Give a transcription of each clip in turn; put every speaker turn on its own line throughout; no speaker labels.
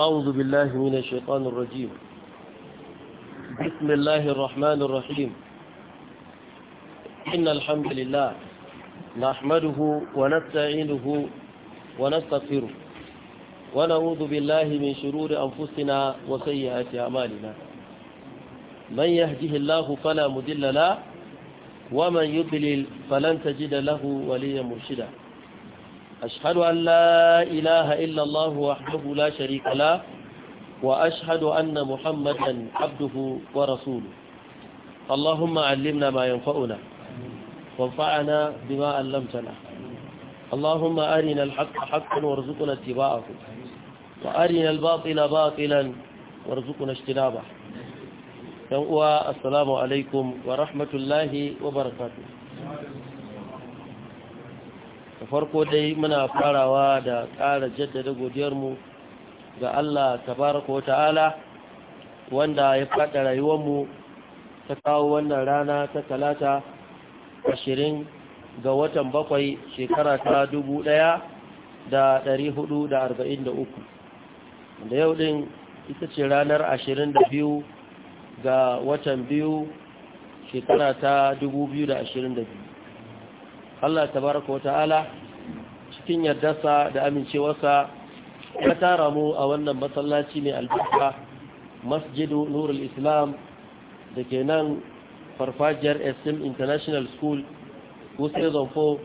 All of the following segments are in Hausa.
أعوذ بالله من الشيطان الرجيم بسم الله الرحمن الرحيم إن الحمد لله نحمده ونستعينه ونستغفره ونعوذ بالله من شرور أنفسنا وسيئات أعمالنا من يهده الله فلا مدل له ومن يضلل فلن تجد له وليا مرشدا أشهد أن لا إله إلا الله وحده لا شريك له وأشهد أن محمدا عبده ورسوله اللهم علمنا ما ينفعنا وانفعنا بما علمتنا اللهم أرنا الحق حقا وارزقنا اتباعه وأرنا الباطل باطلا وارزقنا اجتنابه السلام عليكم ورحمة الله وبركاته da farko dai muna farawa da ƙara jaddada godiyarmu ga Allah tabaraka ta'ala wanda ya faɗa mu ta kawo wannan rana ta talata ashirin ga watan bakwai shekara ta dubu ɗaya da ɗari hudu da arba'in da uku da yau ɗin ita ce ranar ashirin da biyu ga watan biyu shekara ta dubu biyu da ashirin da biyu Allah tabaraka wata'ala cikin yardarsa da amincewarsa ya tara mu a wannan masallaci mai albarka masjidu nurul islam da ke nan farfajiyar sm international school kusa zonfo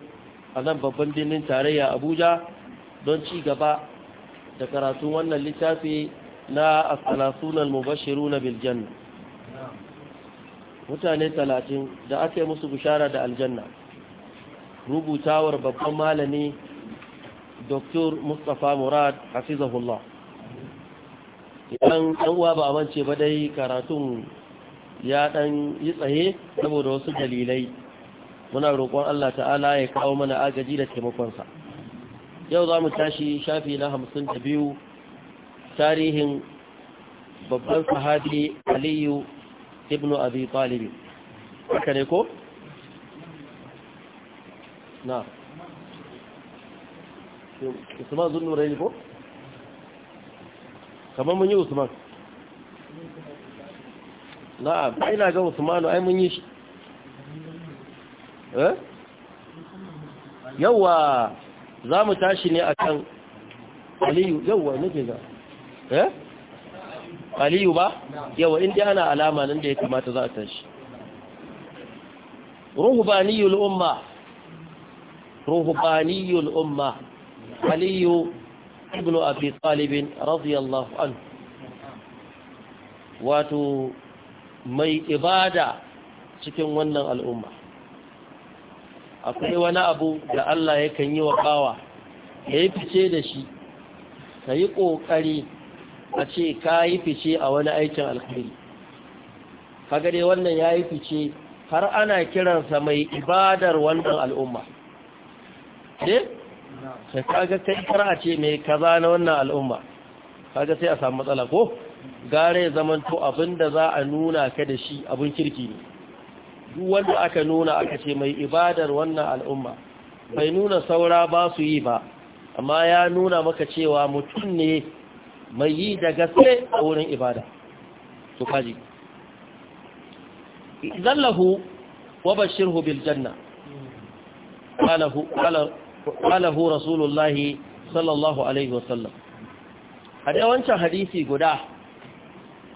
a nan babban birnin tarayya abuja don ci gaba da karatun wannan littafi na asalasunan mubashiru na biljanna mutane talatin da aka yi musu bishara da aljanna rubutawar babban malami Dr. Mustapha Murad Hafizahullah idan ɗan uwa ba amince ba dai karatun ya ɗan yi tsaye saboda wasu dalilai muna roƙon Allah ta'ala ya kawo mana agaji da taimakonsa yau za mu tashi shafi na hamsin da biyu tarihin babban sahabi aliyu ibn abi talib haka ne ko? na ai mun yi shi eh yawa za mu tashi ne akan aliyu yawa nake ga eh aliyu ba yawa inda ana alama nan da ya kamata za a tashi ruhubaniyul umma ruhubaniyul umma aliyu ibn abi talibin radiyallahu wato mai ibada cikin wannan al'umma akwai wani abu da Allah ya kan yi wa bawa ya yi fice da shi ka yi ƙoƙari a ce ka yi fice a wani aikin alkhari kagare wannan ya yi fice har ana kiransa mai ibadar wannan al'umma ce eh? sai kaga kai kara ce mai kaza na wannan al'umma kaga sai a samu matsala ko gare ya zamanto abinda za a nuna ka da shi abin kirki ne duk wanda aka nuna aka ce mai ibadar wannan al'umma bai nuna saura ba su yi ba amma ya nuna maka cewa mutum ne mai yi da gaske a wurin ibada to kaji zallahu wa bashirhu bil qalahu rasulullahi sallallahu alaihi wasallam a da wancan hadisi guda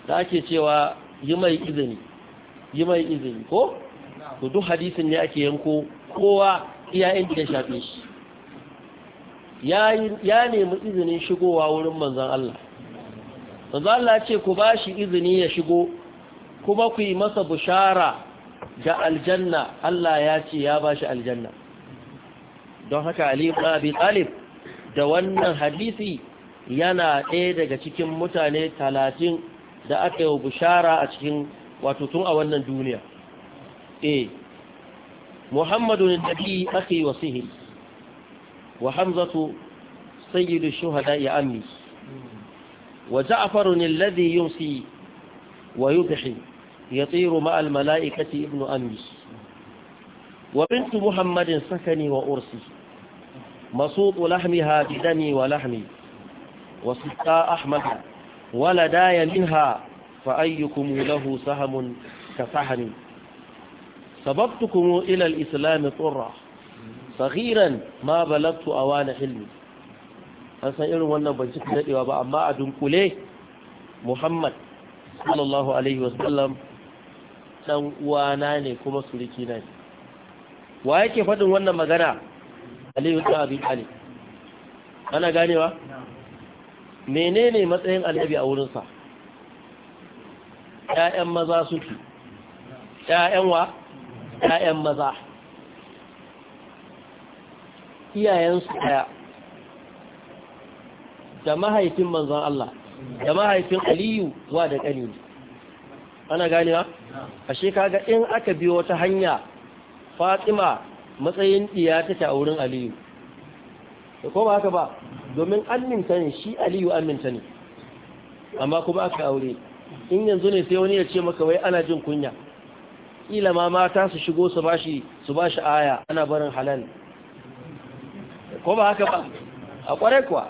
da ake cewa yi mai izini yi mai izini ko to duk hadisin ne ake yanko kowa iya inda ya shafe shi ya nemi izinin shigowa wurin manzan Allah manzan Allah ce ku ba shi izini ya shigo kuma ku yi masa bushara da aljanna Allah ya ce ya ba shi aljanna don haka Ali ibn Abi Talib da wannan hadisi yana ɗaya daga cikin mutane talatin da aka yi bishara a cikin wato tun a wannan duniya eh Muhammadu ne nabi yi wa sihir wa Hamzatu sayyidu shuhada ya ammi wa Ja'faru alladhi yumsi wa yubhi ibnu مع Wa Bintu أمي وبنت محمد wa ursi. مصوط لحمها بدمي ولحمي وسقى أحمد ولداي منها فأيكم له سهم كسهمي سبقتكم إلى الإسلام طرة صغيرا ما بلغت أوان حلمي أسأل إلو وانا بنشك ذلك وابا أما أدنكولي محمد صلى الله عليه وسلم ɗan uwana ne kuma surikina ne wa yake faɗin wannan magana aliyu ta abi talib ana ganewa menene matsayin annabi a wurinsa ƴaƴan maza suke ƴaƴan wa ƴaƴan maza iyayensu ɗaya da mahaifin manzon Allah da mahaifin aliyu wa da ƙani ana ganewa ashe kaga in aka biyo wata hanya fatima matsayin ɗiya take a wurin aliyu da kuma haka ba domin aminta ne shi aliyu aminta ne amma kuma aka aure in yanzu ne sai wani ya ce maka wai ana jin kunya kila ma mata su shigo su bashi su aya ana barin halal ko ba haka ba a kwarai kuwa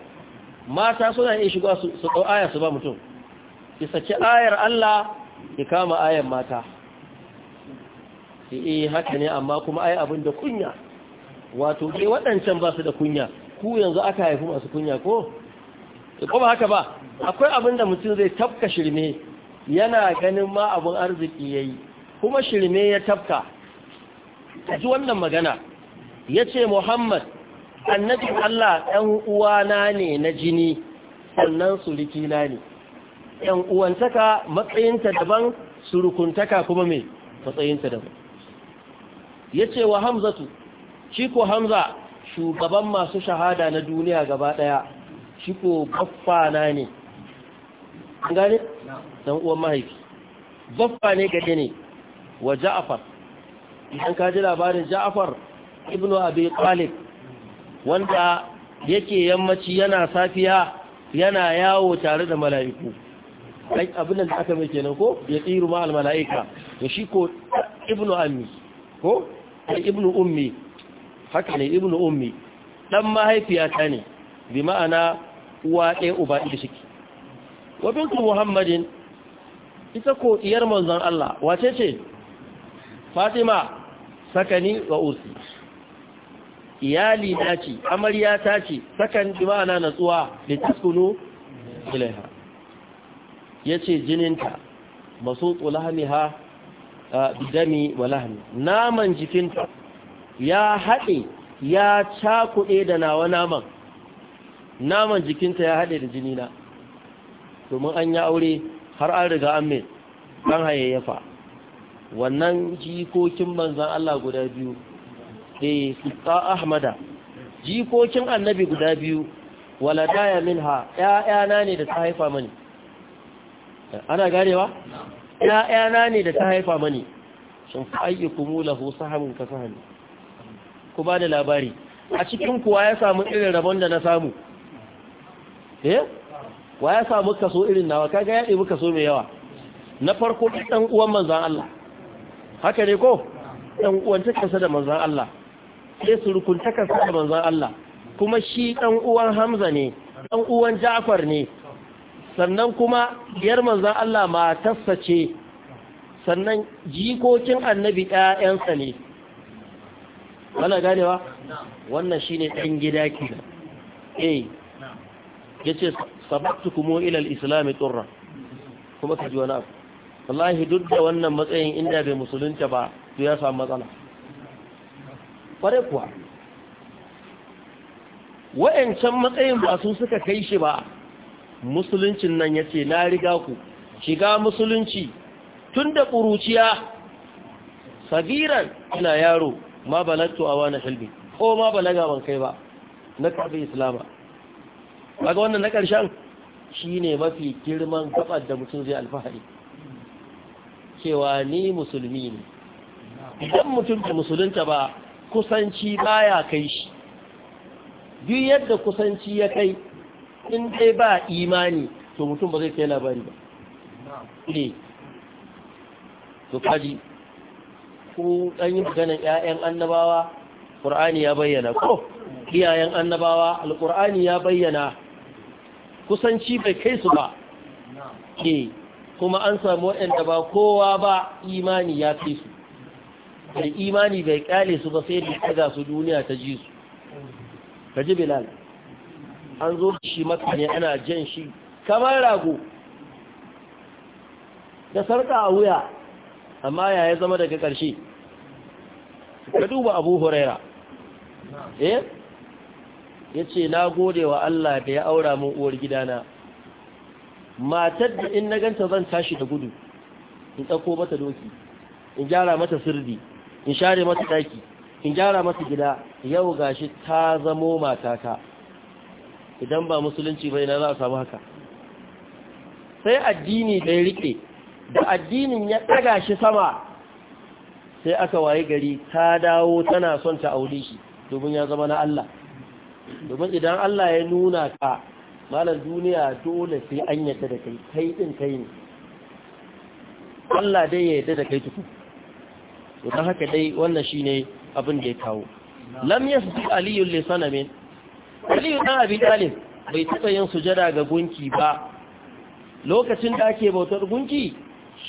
mata suna iya shigo su ɗau aya su ba mutum ki saki ayar Allah ki kama ayar mata eh haka ne amma kuma ai abin da kunya wato dai eh, waɗancan ba su da kunya ku yanzu aka haifi masu kunya ko ko ba haka ba akwai abin da mutum zai tafka shirme yana ganin ma abin arziki yayi kuma shirme ya tafka ji wannan magana yace Muhammad annabi Allah ɗan uwana ne na jini sannan surikina ne ɗan uwantaka matsayinta daban surukuntaka kuma mai matsayinta daban Ya ce wa hamzatu shi ko hamza shugaban masu shahada na duniya gaba daya shi ko baffana ne gane dan uwan mahaifi baffa ne gade ne wa Ja'afar. idan ka ji labarin Ja'afar, ibnu abi talib wanda yake yammaci yana safiya yana yawo tare da mala'iku Kai abin da aka mai kenan ko ya tsiru ma mala'ika to shi ko ibnu ammi ko ibnu ummi haka ne ibnu ummi dan mahaifiyata ne bi ma'ana uwa ɗaya uba ɗaya shiki wa bintu muhammadin ita ko iyar manzon Allah wace ce fatima sakani wa usi iyali na ce amarya ta ce sakan bi ma'ana natsuwa da taskunu ilaiha yace jininta masu lahmiha dami wa lahmi naman jikinta ya haɗe ya cakuɗe da nawa naman naman jikinta ya haɗe da jini na, domin an ya aure har an riga an mai an hayayyafa wannan jikokin manzan Allah guda biyu eh ta ahmada jikokin annabi guda biyu ha, minha na ne da ta haifa mani ana ganewa ‘ya'yana ne da ta haifa mani shin fa'ayyi kuma lahu sahamin ka sahami ku ba da labari a cikin kuwa ya samu irin rabon da na samu eh wa ya samu kaso irin nawa kaga ya ɗebi kaso mai yawa na farko ɗan uwan manzan Allah haka ne ko ɗan uwan takansa da manzan Allah sai surukun takansa da manzan Allah kuma shi ɗan uwan Hamza ne ɗan uwan Ja'far ne sannan kuma yar manzan Allah matarsa ce sannan jikokin annabi ɗayansa ne gane ganewa wannan shi ne ɗan gida kila eh ce sabaqtukum kuma ilal islam turra kuma ka ji wani abu wallahi duk da wannan matsayin inda bai musulunta ba to ya samu matsala kware kuwa wa'ancan matsayin ba sun suka kai shi ba musuluncin nan ya ce na riga ku shiga musulunci tun da ƙuruciya Sabiran ina yaro ma balagtu a wani hilmi ko ma balaga ban kai ba na karfi islama ga wannan na ƙarshen shi ne mafi girman gabar da mutum zai alfahari cewa ni musulmi ne idan mutum da musulunta ba kusanci baya kai shi duk yadda kusanci ya kai in dai ba imani to mutum ba zai kai labari
ba
to kaji kun an yi maganar ƴaƴan annabawa qur'ani ya bayyana ko iyayen annabawa Alƙur'ani ya bayyana kusanci bai kai su ba ke eh, kuma an samu waɗanda ba kowa ba imani ya kai su da imani bai ƙyale su ba sai da kaga su duniya ta ji su kaji bilal an zo shi maka ne ana jan shi kamar rago da sarka a wuya amma ya ya zama daga ƙarshe ka duba abu huraira eh ya ce na gode wa Allah da ya aura min uwar gidana matar da in na ganta zan tashi da gudu in ɗauko mata doki in gyara mata sirdi in share mata daki in gyara mata gida yau gashi ta zamo matata idan ba musulunci bai na za a samu haka sai addini da ya riƙe da addinin ya daga shi sama sai aka waye gari ta dawo tana son ta aure shi domin ya zama na Allah domin idan Allah ya nuna ka malar duniya dole sai an yadda da kai kai ɗin kai ne Allah dai ya yadda da kai tuku don haka dai wannan shi ne abin da ya kawo lam yasbi su aliyun lisanamin Aliyu, ɗan abi talib bai taɓa yin sujada ga gunki ba lokacin da ake bautar gunki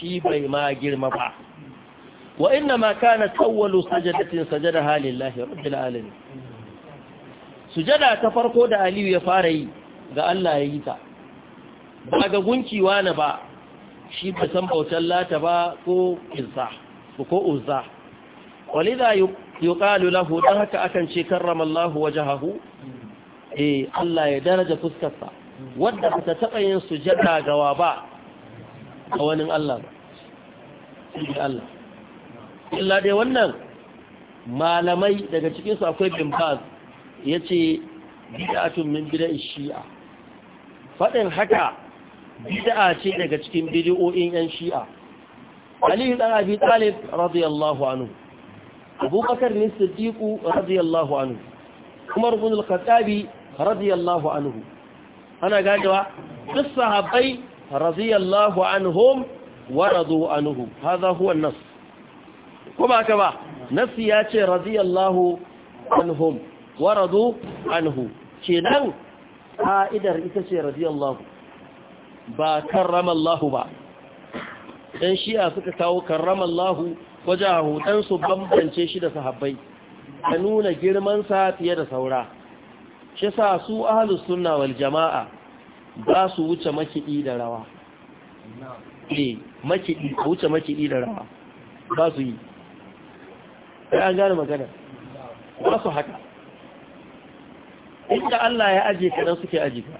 shi bai ma girma ba wa inna ma kana tawwalu sajadatin sajadaha lillahi rabbil alamin sujada ta farko da Aliyu ya fara yi ga Allah ya yi ta ba ga gunki wani ba shi ba san bautar lata ba ko izza ko uzza walidha yuqalu lahu dan haka akan ce karramallahu wajhahu eh Allah ya daraja fuskarsa wanda ba ta taba yin sujada gawa ba a wani Allah ba sai Allah illa dai wannan malamai daga cikinsu akwai bin baz ya ce bid'atun min bid'a shi'a faɗin haka bid'a ce daga cikin bid'o'in yan shi'a Aliyu ɗan Abi Talib radiyallahu anhu Abu Bakar ne Siddiq radiyallahu anhu Umar ibn al radiyallahu anhu ana gajewa duk sahabai. رضي الله عنهم ورضوا عنه هذا هو النص كما كما ce ياتي رضي الله عنهم ورضوا عنه كنان قائدر إتسي رضي الله با كرم الله با ɗan shi'a suka kawo karramallahu wajahu dan su bambance shi da sahabbai ta nuna girman sa fiye da saura shi su ahlus sunna wal jama'a ba su wuce makiɗi da rawa ne eh, makiɗi a wuce makiɗi da rawa ba su yi ya an gane magana ba su haka inda Allah ya aje ka nan suke aje ka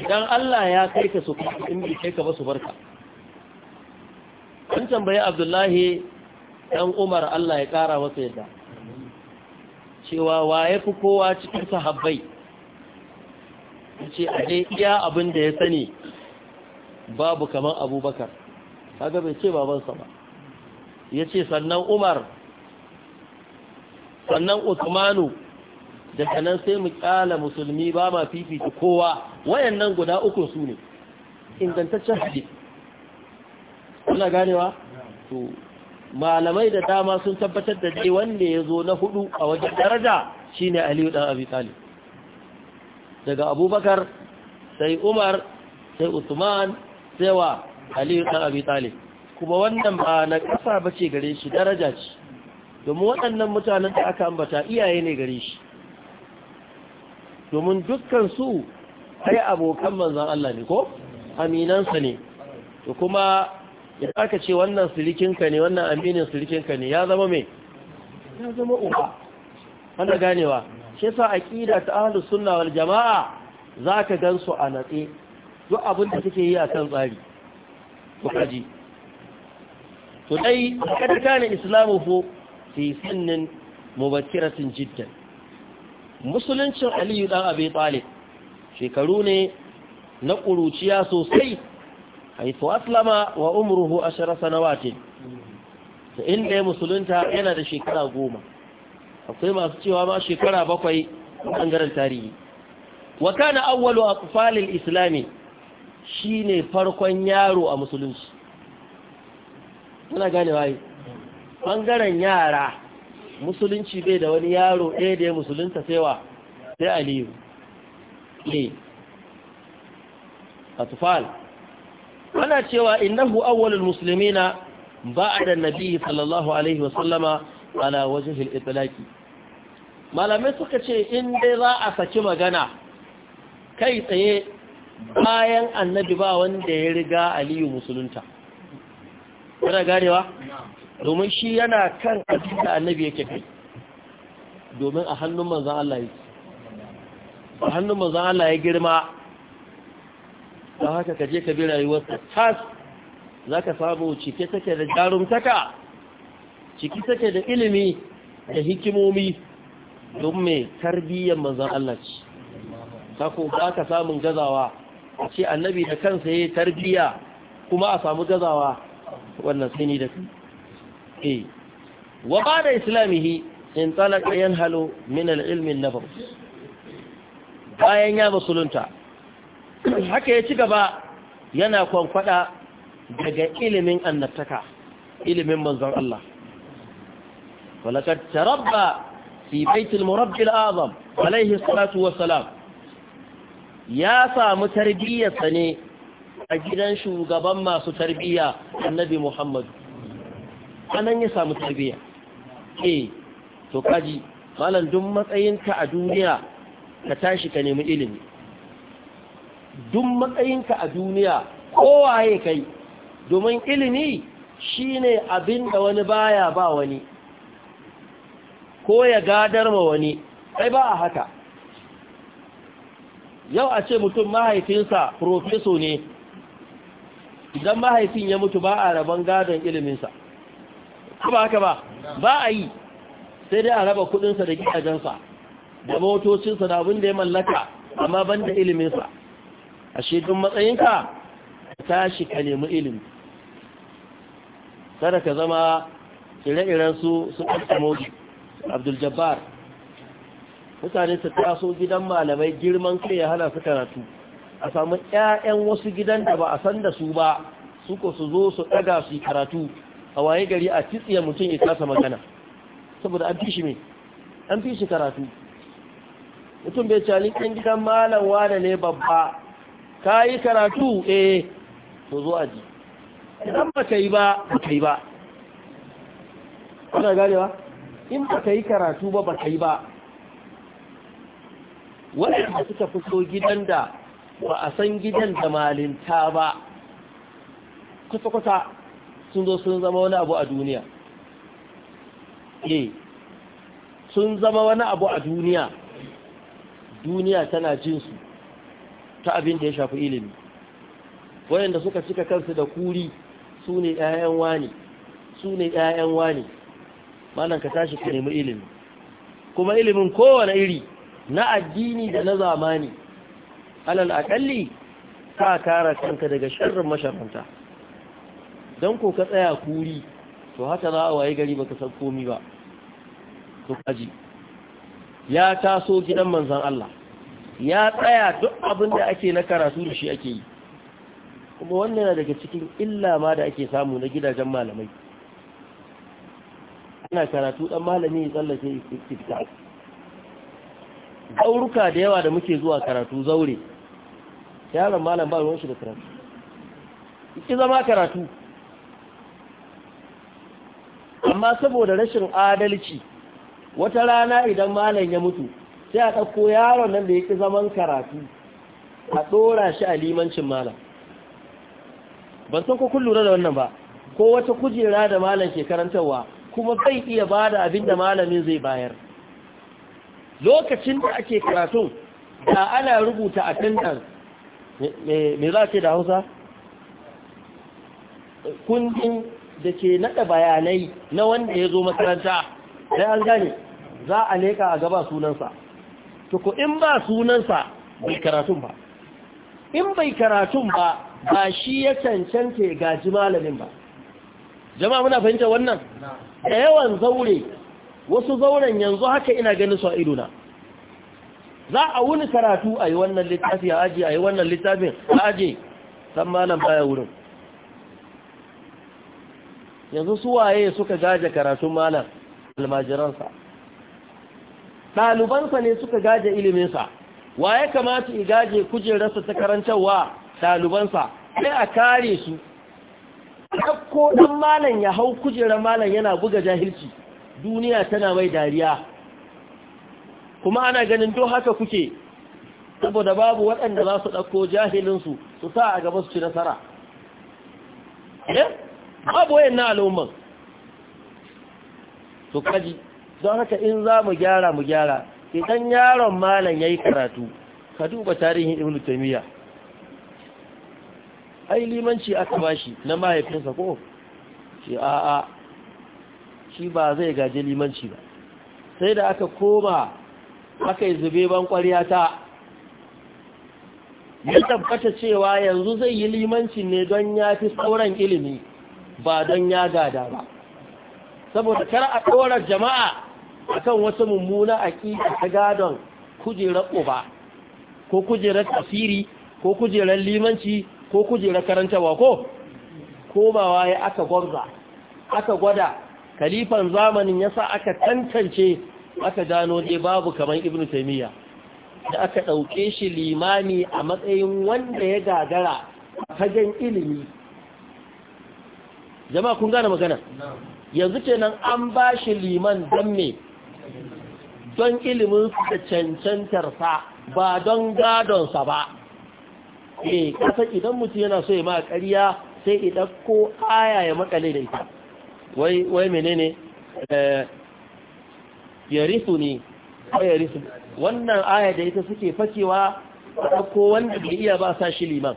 idan Allah ya kai ka su kuma in kai ka ba su barka an tambayi Abdullahi dan Umar Allah ya kara masa yadda cewa wa ya fi kowa cikin sahabbai ce a dai iya abin da ya sani babu kamar abubakar haka bai ce babansa ba ya ce sannan umar sannan usmanu da nan sai mu kyala musulmi ba ma fifita kowa wayannan guda uku su ne ingantaccen hadis kuna ganewa to malamai da dama sun tabbatar da dai wanda ya zo na hudu a wajen daraja shine aliyu dan abi talib daga abubakar sai umar sai usman sai wa aliyu ɗan abi talib kuma wannan ba na kasa ba ce gare shi daraja ce domin waɗannan mutanen da aka ambata iyaye ne gare shi domin dukkan su ai abokan manzan Allah ne ko aminansa ne to kuma ya aka ce wannan sirikinka ne wannan aminin sirikinka ne ya zama me? ya zama uba wanda ganewa shi yasa aqida ta ahlus sunna wal jamaa zaka su a natse duk abin da suke yi a kan tsari kaji to dai kada kana islamu fo fi sinnin mubakkiratin jiddan musuluncin aliyu dan abi talib shekaru ne na ƙuruciya sosai haifu aslama wa umruhu ashara sanawatin inda ya musulunta yana da shekara goma akwai masu cewa ma shekara bakwai ɓangaren tarihi wa kana a aqfalil islami ne farkon yaro a musulunci muna gane waye ɓangaren yara musulunci bai da wani yaro ɗaya da ya musulunta saiwa sai aliyu ne eh. tufal ana cewa innahu awwalul ba a da nabi sallallahu alaihi wa sallama ala wajen itlaqi malamai suka ce in dai za a saki magana kai tsaye bayan annabi ba wanda ya riga aliyu musulunta kuna ganewa domin shi yana kan abin da annabi yake kai domin a hannun manzan Allah ya a hannun manzan Allah ya girma ta haka kaje ka bi rayuwar tas za ka samu cike take da jarumtaka ciki take da ilimi da hikimomi don mai tarbiyyar manzan Allah ce ta ko ba ka samun gazawa a ce annabi da kansa ya yi tarbiyya kuma a samu gazawa wannan sai ni da su. E, eh, wa ba da islamihi in talaka halo min al’ilmin na ba bayan ya musulunta haka ya ci gaba yana kwankwada daga ilimin annabtaka ilimin manzan Allah ولقد تربى fi baitul murabbil azam alaihi ya samu tarbiyyarsa ne a gidan shugaban masu tarbiyya annabi Muhammad anan ya samu tarbiyya eh to kaji malam duk matsayinka a duniya ka tashi ka nemi ilimi duk matsayinka a duniya kowaye kai domin ilimi shine abinda wani baya ba wani ko ya gadar ma wani sai ba a haka yau a ce mutum mahaifinsa profeso ne idan mahaifin ya mutu ba a rabon gadon iliminsa ba haka ba ba a yi sai dai a raba kudinsa da gidajensa da motocinsa da abin da ya mallaka amma ban da iliminsa a shekun matsayinka tashi ka nemi ilimi kada ka zama ire-iren su su ɗan abdul mutane su taso gidan malamai girman kai ya hana su karatu a samu ƴaƴan wasu gidan da ba a san da su ba su ko su zo su ɗaga su karatu a waye gari a titsiya mutum ya kasa magana saboda an fi shi mai an fi shi karatu mutum bai cani ɗan gidan malam wane ne babba ka yi karatu eh to zo a ji idan ba ka yi ba ba ka yi ba kuna ganewa in ba ka yi karatu ba ba ka yi ba waɗanda suka fito gidan da ba a san gidan da malinta ba kusa-kusa sun zo sun zama wani abu a duniya e sun zama wani abu a duniya duniya tana jinsu ta abin da ya shafi ilimi wayanda suka cika kansu da kuri su ne 'ya'yan wani su ne 'ya'yan wani malam ka tashi ka nemi ilimi kuma ilimin kowane iri na addini da na zamani alal akalli ka kara kanka daga sharrin masharanta don ko ka tsaya kuri to haka za a waye gari baka san komi ba to kaji ya taso gidan manzon Allah ya tsaya duk abin da ake na karatu da shi ake yi kuma wannan daga cikin illa ma da ake samu na gidajen malamai ana karatu dan malami ya tsallake iftitah zauruka da yawa da muke zuwa karatu zaure yaron malam ba ruwan shi da karatu ki zama karatu amma saboda rashin adalci wata rana idan malam ya mutu sai a ɗauko yaron nan da ya zaman karatu a ɗora shi a limancin malam ban san ko kun lura da wannan ba ko wata kujera da malam ke karantarwa kuma zai iya ba da abin da malamin zai bayar lokacin da ake karatun da ana rubuta a tantan me za ce da hausa kundin da ke nada bayanai na wanda ya zo makaranta sai an gane za a leka a gaba sunansa tuku in ba sunansa bai karatun ba in bai karatun ba ba shi ya cancanta ya gaji malamin ba jama'a muna fahimta wannan da yawan zaure wasu zauren yanzu haka ina ganin su a na. za a wuni karatu a yi wannan littafi a aji a yi wannan littafin a aji san malam baya wurin yanzu su waye suka gaje karatun malam almajiransa ɗalibansa ne suka gaje iliminsa waye kamata i gaje kujerarsa ta karantarwa ɗalibansa sai a kare su ɗauko ɗan malam ya hau kujerar malam yana buga jahilci duniya tana mai dariya kuma ana ganin do haka kuke saboda babu waɗanda za su ɗauko jahilinsu su sa a gaba su ci nasara eh? babu wayan na al'umman su kaji don haka in za mu gyara mu gyara idan yaron malam ya yi karatu ka duba tarihin ibn taymiyyah ai limanci aka bashi na mahaifinsa ko a a'a shi ba zai gaji limanci ba sai da aka koma aka yi zube ban kwariya ta ya tabbata cewa yanzu zai yi limanci ne don ya fi sauran ilimi ba don ya gada ba saboda kar a ɗorar jama'a akan wasu mummuna a ƙi ta gadon kujerar ko kujerar tafiri ko kujerar limanci ko kujerar karantawa ko komawa ya aka gwarza aka gwada kalifan zamanin yasa aka tantance aka gano dai babu kamar ibnu taymiya da aka dauke shi limami a matsayin wanda ya gagara fagen ilimi jama'a kun gane magana yanzu kenan an ba shi liman don me don ilimin da cancantar sa ba don gadon sa ba eh kasan idan mutum yana so ya ma ƙarya sai idan ko aya ya makale da ita wai wai menene eh, ya risu ne ya risu wannan aya da ita suke fakewa a ko wanda bai iya ba sa shi liman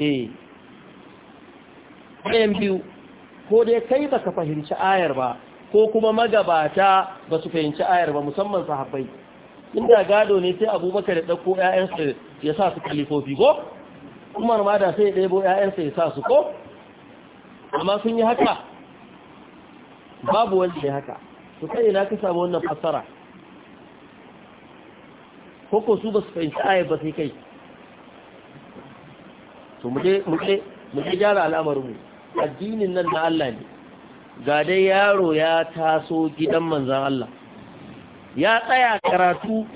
eh ɗayan biyu ko dai kai baka fahimci ayar ba ko kuma magabata ba su fahimci ayar ba musamman sahabbai inda gado ne sai abubakar da ɗauko ‘ya'yansa ya sa su kalifofi ko umar ma da sai ya ɗaibo ‘ya'yansa ya sa su ko amma sun yi haka babu wanda ya haka su kai na ka samu wannan fassara ko su ba su fahimci aya ba sai kai to muje gyara al'amarinmu addinin nan na Allah ne ga dai yaro ya taso gidan manzan Allah ya tsaya karatu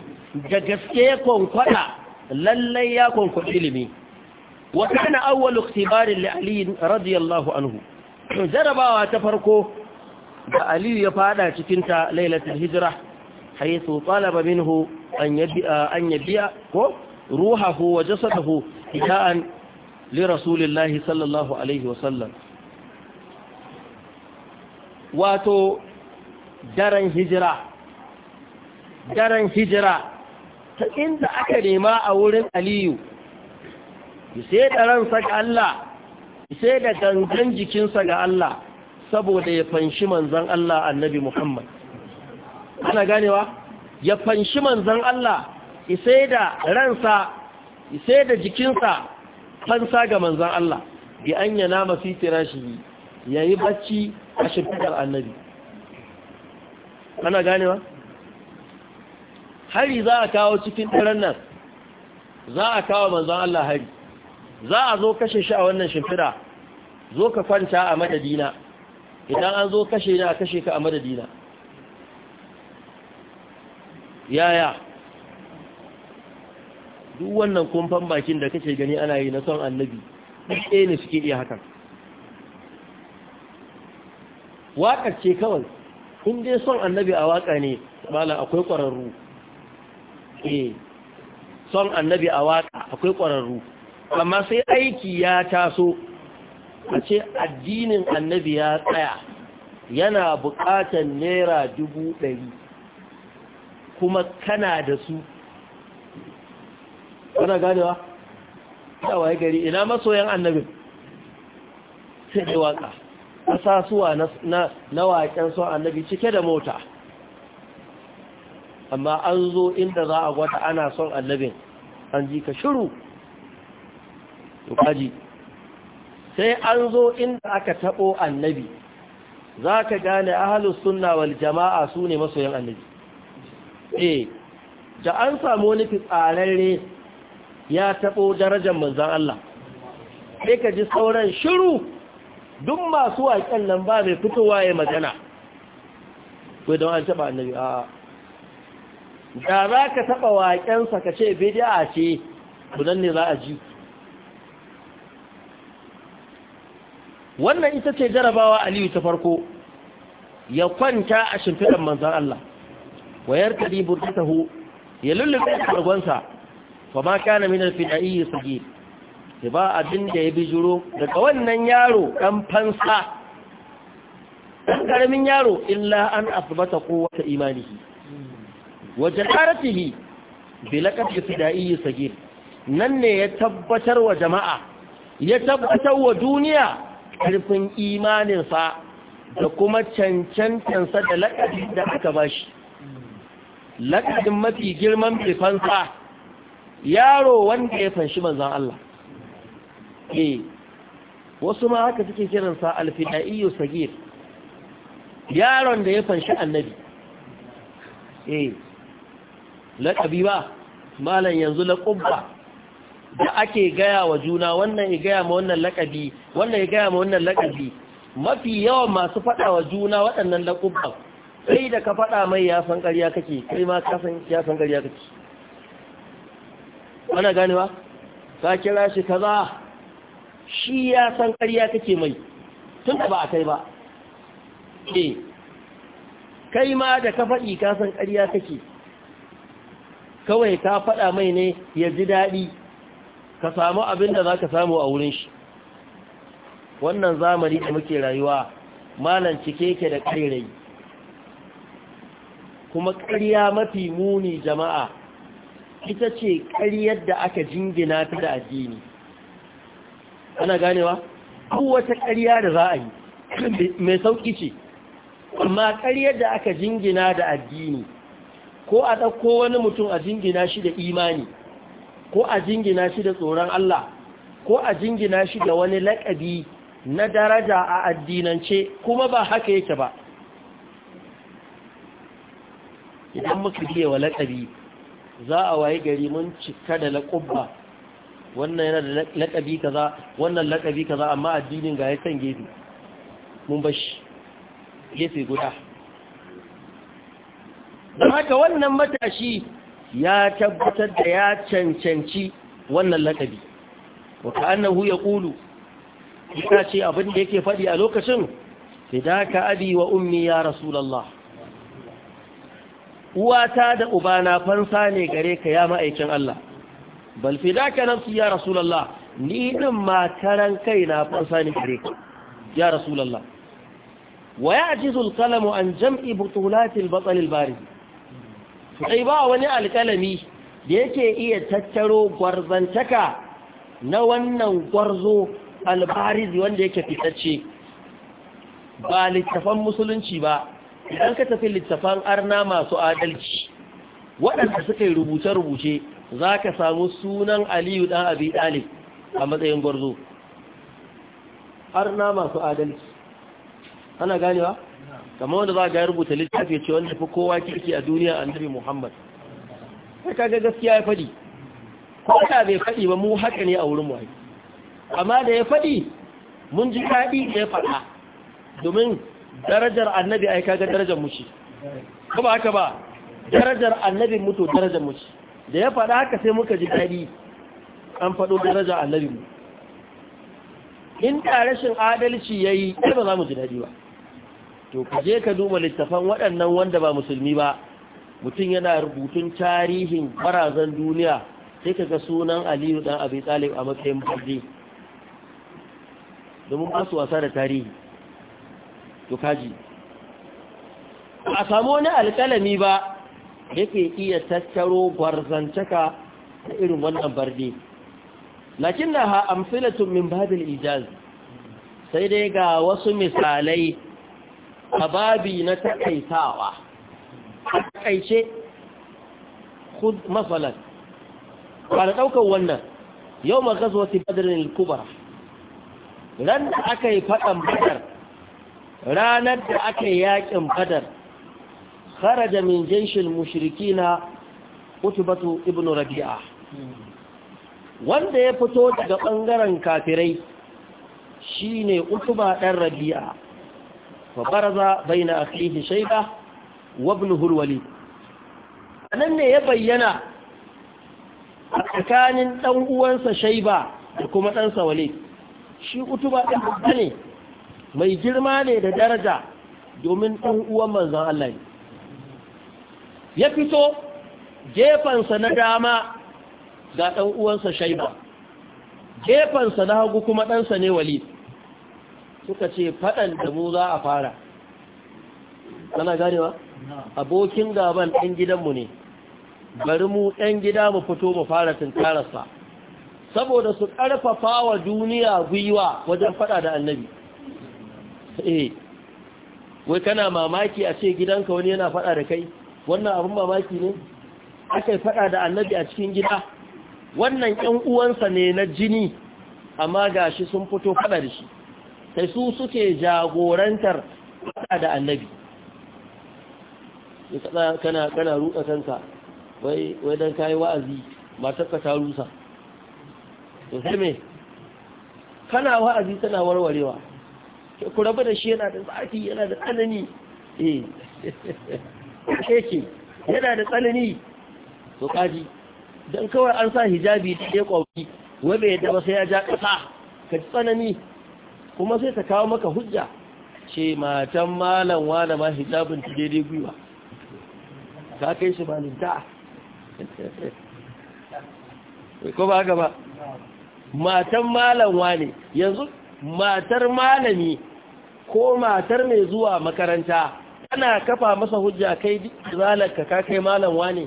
da gaske ya kwankwada lallai ya kwankwada ilimi wa kana awwal ikhtibarin li ali radiyallahu anhu jarabawa ta farko da ali ya fada cikin ta lailatul hijra haythu talaba minhu an yabi'a an yabi'a ko ruhahu wa jasadahu hitaan li rasulillahi sallallahu alaihi wa sallam wato daren hijira daren hijira ta inda aka nema a wurin aliyu ise da ransa ga Allah ise da gangan jikinsa ga Allah saboda ya fanshi manzan Allah annabi Muhammad ana ganewa ya fanshi manzan Allah ise da ransa ise da jikinsa fansa ga manzan Allah bi an yana mafi shi yayi bacci a shirkar annabi ana ganewa hari za a kawo cikin ɗaren nan za a kawo manzan Allah hari za a zo kashe shi a wannan shimfida zo ka kwanta a madadina idan an zo kashe na a kashe ka a madadina yaya duk wannan kumfan bakin da kake gani ana yi na son annabi duk ɗaya ne suke iya hakan waƙar ce kawai kun dai son annabi a waƙa ne Bala akwai ƙwararru eh son annabi a waka akwai ƙwararru amma sai aiki ya taso a ce addinin annabi ya tsaya yana buƙatar naira dubu ɗari kuma kana da su wana ganewa waye gari ina masoyan annabin sai da waka ƙasasuwa na waƙen son annabi cike da mota amma an zo inda za a gwata ana son annabin an ji ka shiru kaji sai an zo inda aka tabo annabi za ka gane ahalus sunna wal jama'a su ne masoyan annabi eh da an samu wani fitsararre ya tabo darajar manzan Allah sai ka ji sauran shiru duk masu waƙen nan ba mai fitowa ya magana ko don an taba annabi a'a da za ka taɓa waƙensa ka ce bidiya ce kudan ne za a ji wannan ita ce jarabawa aliyu ta farko ya kwanta a shimfiɗan manzan Allah wayar ta burtatahu ya lullube kargonsa fa ma kana min alfida'i sagi ba abin da ya bijiro daga wannan yaro dan fansa dan karamin yaro illa an asbata quwwata imanihi wajen aratihi bilakat ibtidai sagir nan ne ya tabbatar wa jama'a ya tabbatar wa duniya karfin imaninsa da kuma cancantansa da laƙabi da aka bashi laƙabin mafi girman bifansa yaro wanda ya fanshi manzon Allah Eh. wasu ma haka suke kiransa alfida'i sagir yaron da ya fanshi annabi eh laƙabi ba malam yanzu laƙubba da ake gaya wa juna wannan ya gaya ma wannan laƙabi wannan ya gaya ma wannan laƙabi mafi yawan masu faɗa wa juna waɗannan laƙubban sai da ka faɗa mai ya san ƙarya kake kai ma ka san ya san ƙarya kake gani ba, ka kira shi kaza shi ya san ƙarya kake mai tun da ba a kai ba eh kai ma da ka faɗi ka san ƙarya kake kawai ta faɗa mai ne ya ji daɗi ka samu abin da za ka samu a wurin shi wannan zamani da muke rayuwa malam cike ke da ƙarirai kuma ƙarya mafi muni jama'a ita ce ƙaryar da aka jingina ta da addini ana ganewa kowace ƙarya da za a yi mai sauƙi ce amma ƙaryar da aka jingina da addini ko a ɗauko wani mutum a jingina shi da imani ko a jingina shi da tsoron Allah ko a jingina shi da wani laƙabi na daraja a addinance kuma ba haka yake ba idan muka biya wa laƙabi za a waye gari mun cika da laƙubba wannan yana da laƙabi kaza wannan laƙabi kaza amma addinin ga ya kan gefe mun bashi gefe guda don haka wannan matashi ya tabbatar da ya cancanci wannan lakabi annahu ya kulu. ina ce abin da yake faɗi a lokacin fidaka abi wa ummi ya rasulullah uwata da ubana fansa ne gare ka ya ma'aikin Allah bal fidaka nafsi ya rasulullah ni din mataran na fansa ne gare ka ya rasulullah wa ya'jizu al-qalamu an jam'i butulati al-batal al-barid kai ba wani alƙalami da yake iya tattaro gwarzantaka na wannan gwarzo albariz wanda yake fitacce ba littafan musulunci ba idan ka tafi littafan arna masu adalci waɗanda suka yi rubuce-rubuce za ka samu sunan aliyu ɗan abi ɗalib a matsayin gwarzo arna masu adalci ana ganewa? kamar wanda za ga rubuta littafi ce wanda fi kowa kirki a duniya annabi muhammad sai kaga gaskiya ya faɗi ko da bai faɗi ba mu haka ne a wurin mu amma da ya faɗi mun ji daɗi da ya faɗa domin darajar annabi ai kaga darajar mu ce ko ba haka ba darajar annabi mutu to darajar mu ce da ya fada haka sai muka ji daɗi an faɗo darajar annabi mu in da rashin adalci yayi sai ba za mu ji daɗi ba to ka je ka duba littafan waɗannan wanda ba musulmi ba mutum yana rubutun tarihin barazan duniya sai ka ga sunan aliyu dan abi talib a matsayin bardi domin ba su wasa da tarihi to kaji a samu wani alƙalami ba ke iya tattaro caka da irin wannan barde lakin na ha amfilatun min babin ijaz sai dai ga wasu misalai a babi na takaitawa a takaice masalan ba da ɗaukar wannan yau ma gazuwa badirin kubara ran da aka yi faɗan badar ranar da aka yi yaƙin badar kharaja min jinshin mushrikina na utubatu ibn rabi'a wanda ya fito daga ɓangaren kafirai shine utuba ɗan rabi'a fa baraza baina akhihi shayba wa ibnuhu al-walid anan ne ya bayyana a tsakanin ɗan uwansa Shaiba da kuma dan sa walid shi utuba din babba ne mai girma ne da daraja domin dan uwan manzon Allah ne ya fito gefansa na dama ga dan uwansa shayba gefansa na hagu kuma ɗansa ne walid suka ce faɗan da mu za a fara kana ganewa abokin gaban ɗan gidanmu ne bari mu ɗan gida mu fito mu fara tunkararsa saboda su ƙarfafa wa duniya gwiwa wajen faɗa da annabi eh wai kana mamaki a ce gidanka wani yana faɗa da kai wannan abin mamaki ne aka faɗa da annabi a cikin gida wannan ƴan uwansa ne na jini amma gashi sun fito faɗa da shi sai su suke jagorantar da annabi kana kana ruɗa kanka wai wai dan kai wa'azi matarka ta rusa to sai me kana wa'azi tana warwarewa ku rabu da shi yana da tsaki yana da tsanani eh keke yana da tsanani to kaji dan kawai an sa hijabi da ya kwafi wai bai yadda ba sai ya ja kasa ka tsanani kuma sai ta kawo maka hujja ce matan malan wane ma hijabin ta daidai gwiwa ta kai shi malinta ko ba gaba matan malan wane yanzu matar malami ko matar mai zuwa makaranta ana kafa masa hujja kai duk zalarka ka kai malan wane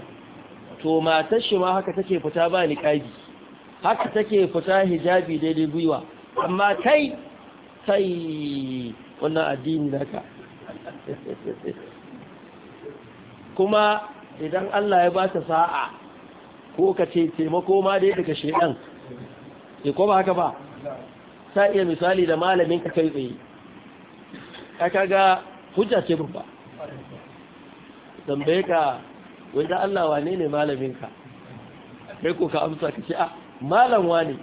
to matar shi ma haka take fita ba ni kaji. haka take fita hijabi daidai gwiwa amma kai kai wannan addini naka kuma idan Allah ya ba ta sa'a ko ka ce taimako ma dai daga shaidan ke eh, kuma haka ba ta iya misali da malamin ka kai tsaye aka ga hujja ce babba tambaye ka wanda Allah wane ne malamin kai ko ka amsa ka ce a ah, malam wane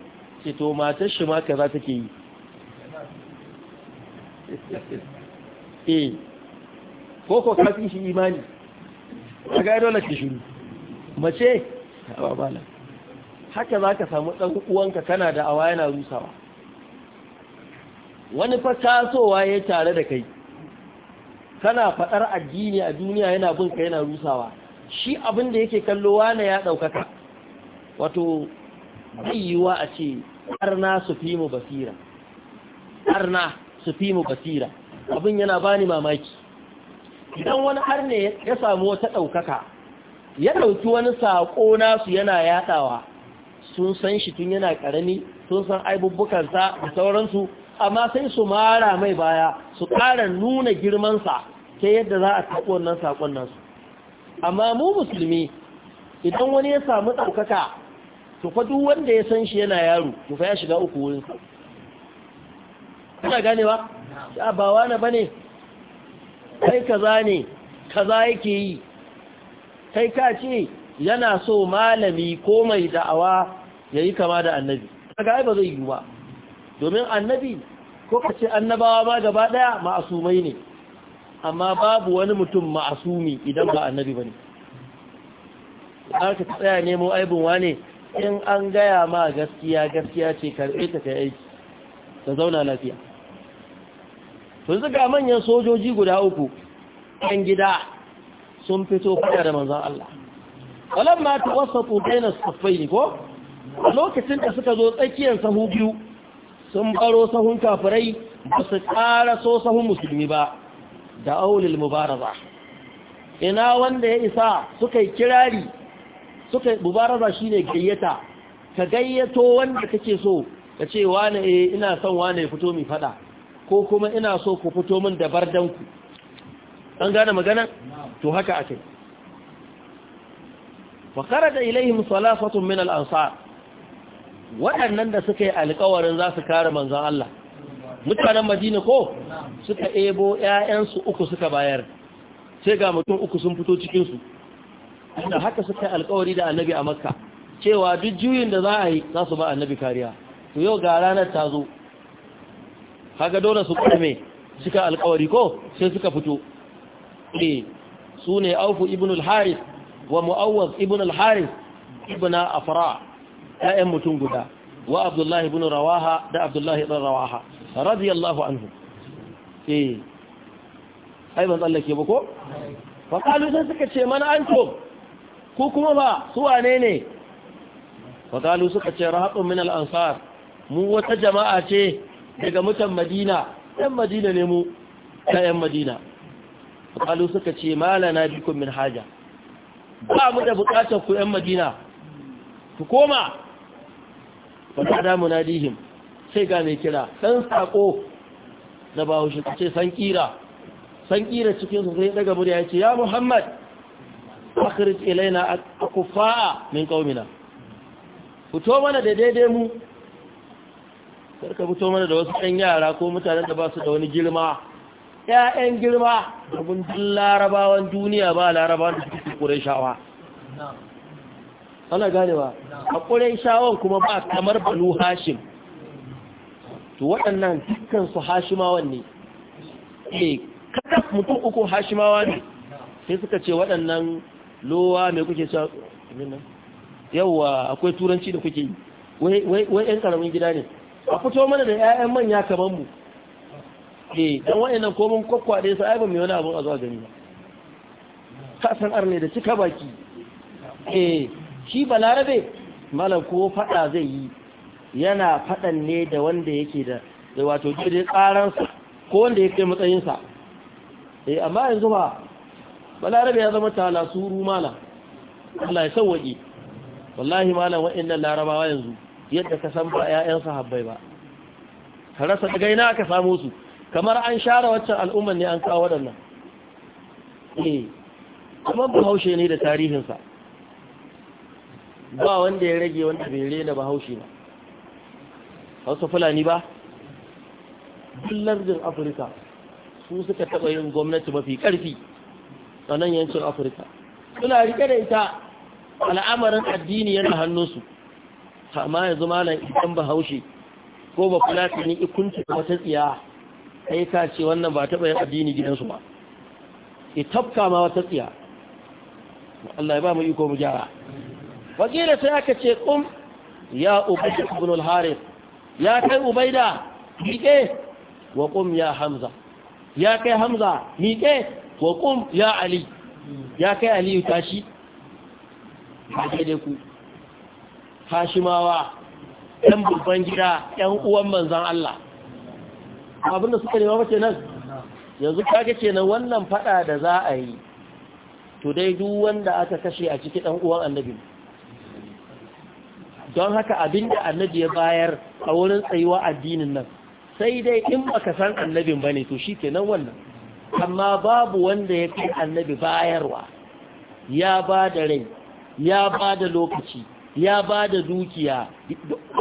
ce to matar shi za ta ke yi eh ko ko kafin shi imani a ga dole ka shiru mace ba bala haka za ka samu dan uwanka kana da awa yana rusawa wani fa tasowa ya tare da kai kana faɗar addini a duniya yana bin ka yana rusawa shi abin da yake kallo wani ya ɗaukaka wato yiwuwa a ce arna su fi mu basira arna su fi mu basira abin yana bani mamaki idan wani har ne ya samu wata ɗaukaka ya ɗauki wani saƙo nasu yana yaɗawa sun san shi tun yana ƙarami sun san aibubbukansa da sauransu amma sai su mara mai baya su ƙara nuna girmansa ta yadda za a taɓo wannan saƙon nasu amma mu musulmi idan wani ya samu ɗaukaka to fa duk wanda ya san shi yana yaro to fa ya shiga uku wurinsa kuna ganewa sha ba wani bane kai ka za ne Ka za yake yi kai ka ce yana so malami ko mai da'awa yi kama da annabi kaga ba zai yi ba domin annabi ko kace annabawa ma gaba daya ma'asumai ne amma babu wani mutum ma'asumi idan ba annabi ba bane aka tsaya nemo aibin wane in an gaya ma gaskiya gaskiya ce karbe ta kai aiki ta zauna lafiya yanzu ga manyan sojoji guda uku ɗan gida sun fito fada da manzan Allah walan ma ta wasa tutai na ne ko lokacin da suka zo tsakiyar sahu biyu sun baro sahun kafirai ba su ƙara so sahun musulmi ba da aulil mubaraza ina wanda ya isa suka yi kirari suka mubaraza ne gayyata ka gayyato wanda kake so ka ce wane eh, ina son wane fito mai fada ko kuma ina so ku fito min da bardanku an gane magana to haka ake fa da ilaihim salafatu min al'ansar waɗannan da suka yi alƙawarin za su kare manzan Allah mutanen madina ko suka ebo ‘ya'yansu uku suka bayar sai ga mutum uku sun fito cikinsu inda haka suka yi alƙawari da annabi a makka cewa duk juyin da za a yi za su ba annabi kariya to yau ga ranar ta zo kaga dole su kame cika alkawari ko sai suka fito eh su aufu ibn al-haris wa mu'awwaz ibn al-haris ibn afra ɗayan mutum guda wa abdullahi ibn rawaha da abdullahi ibn rawaha radiyallahu anhu eh ai ban ke ba ko fa kalu sai suka ce mana an to ku kuma ba su wane ne fa kalu suka ce rahatun min al-ansar mu wata jama'a ce daga mutan madina ɗan madina ne mu ta ‘yan madina kalu suka ce malana na min haja ba mu da buƙatar ku ‘yan madina ku koma Ba ta damu na dihim sai ga mai kira ɗan saƙo da ba hushe ce san ƙira san ƙira cikin su sai daga murya ya ce ya muhammad akirin na a kufa'a min ƙaumina fito mana da daidai mu ka fito mana da wasu ɗan yara ko mutanen da ba su da wani girma ‘ya'yan girma domin duk larabawan duniya ba larabawan da suke ƙurai shawa ana gane ba a ƙurai shawan kuma ba kamar Balu hashim to waɗannan dukkan su hashimawan ne e eh, kada mutum uku hashimawa ne sai suka ce waɗannan lowa mai kuke sha, yawwa akwai turanci da kuke yi wai 'yan ƙaramin gida ne a fito mana da 'ya'yan manya kamar mu eh dan wayannan ko mun kokkwade su ai ba mai wani abu a zuwa gani ba ka san arne da cika baki eh shi balarabe malam ko fada zai yi yana fadan ne da wanda yake da da wato dai tsaran sa ko wanda yake matsayin sa eh amma yanzu ba balarabe ya zama talasuru mala Allah ya sauwaje wallahi malam wayannan larabawa yanzu yadda ka san ba 'ya'yan sahabbai ba ka rasa daga ina aka samu su kamar an share waccan al'umman ne an kawo waɗannan eh kuma bahaushe ne da tarihinsa ba wanda ya rage wanda bai rena bahaushe ba hausa fulani ba duk lardin afirka su suka taɓa yin gwamnati mafi ƙarfi a nan yankin afirka suna rike da ita al'amarin addini yana hannunsu amma yanzu malam idan ba haushi ko ba kula ta ni ikunta wata tsiya sai ka ce wannan ba taɓa yin addini gidansu ba ki tafka ma wata tsiya Allah ya ba mu iko mu gyara wakila sai aka ce kum ya ubayda ibn al-harith ya kai Ubaida, miƙe wa kum ya hamza ya kai hamza miƙe wa kum ya ali ya kai ali tashi ba dai ku hashimawa yan babban gida yan uwan manzan Allah abinda suka nema mace nan yanzu kage kenan wannan fada da za a yi to dai duk wanda aka kashe a ciki ɗan uwan annabi don haka abinda annabi ya bayar a wurin tsayuwa addinin nan sai dai in baka san annabin bane to shi ke nan wannan amma babu wanda ya fi annabi bayarwa ya ba da rai ya ba da lokaci ya ba da dukiya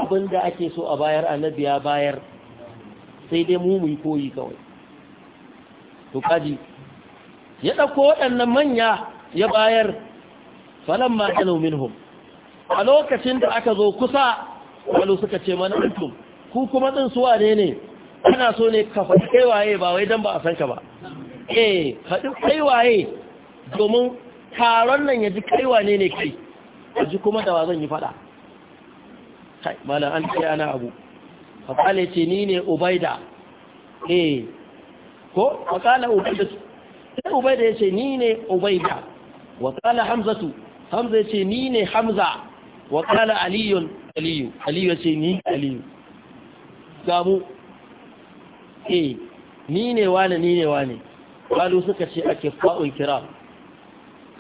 abin da ake so a bayar annabi ya bayar sai dai mu muyi koyi kawai to kaji ya ɗauko waɗannan manya ya bayar falan ma ɗanau minhum a lokacin da aka zo kusa wani suka ce mana antum ku kuma din suwa ne ne Kana so ne ka faɗi kaiwaye ba wai don ba a san ka ba eh faɗi kaiwaye domin taron nan ya ji kaiwa ne ne kai a ji kuma da wa zan yi fada kai malam an ce ana abu faƙale ce ni ne ubaida eh ko faƙala ubaida sai ubaida ya ce ni ne ubaida waƙala hamzatu hamza ya ce ni ne hamza waƙala aliyun aliyu aliyu ya ce ni aliyu gamu eh ni ne wane ni ne wane ƙwalu suka ce ake fa'un kira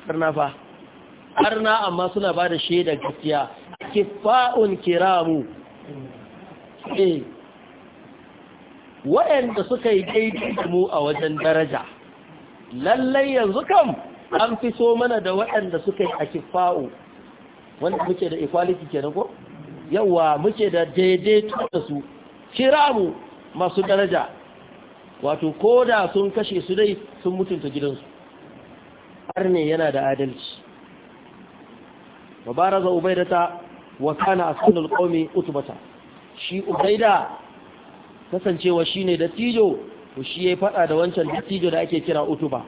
ƙarnafa arna amma suna ba da shaida gaskiya kifa'un kiramu eh waɗanda suka yi daidai da mu a wajen daraja lallai yanzu kam an fi so mana da waɗanda suka yi a kifa'u wanda muke da equality kenan ko yawa muke da daidaito da su kiramu masu daraja wato ko da sun kashe su dai sun mutunta gidansu har ne yana da adalci wa baraza ta wa kana asanul qaumi utbata shi ubaida kasancewa shine dattijo to shi yayi fada da wancan dattijo da ake kira utuba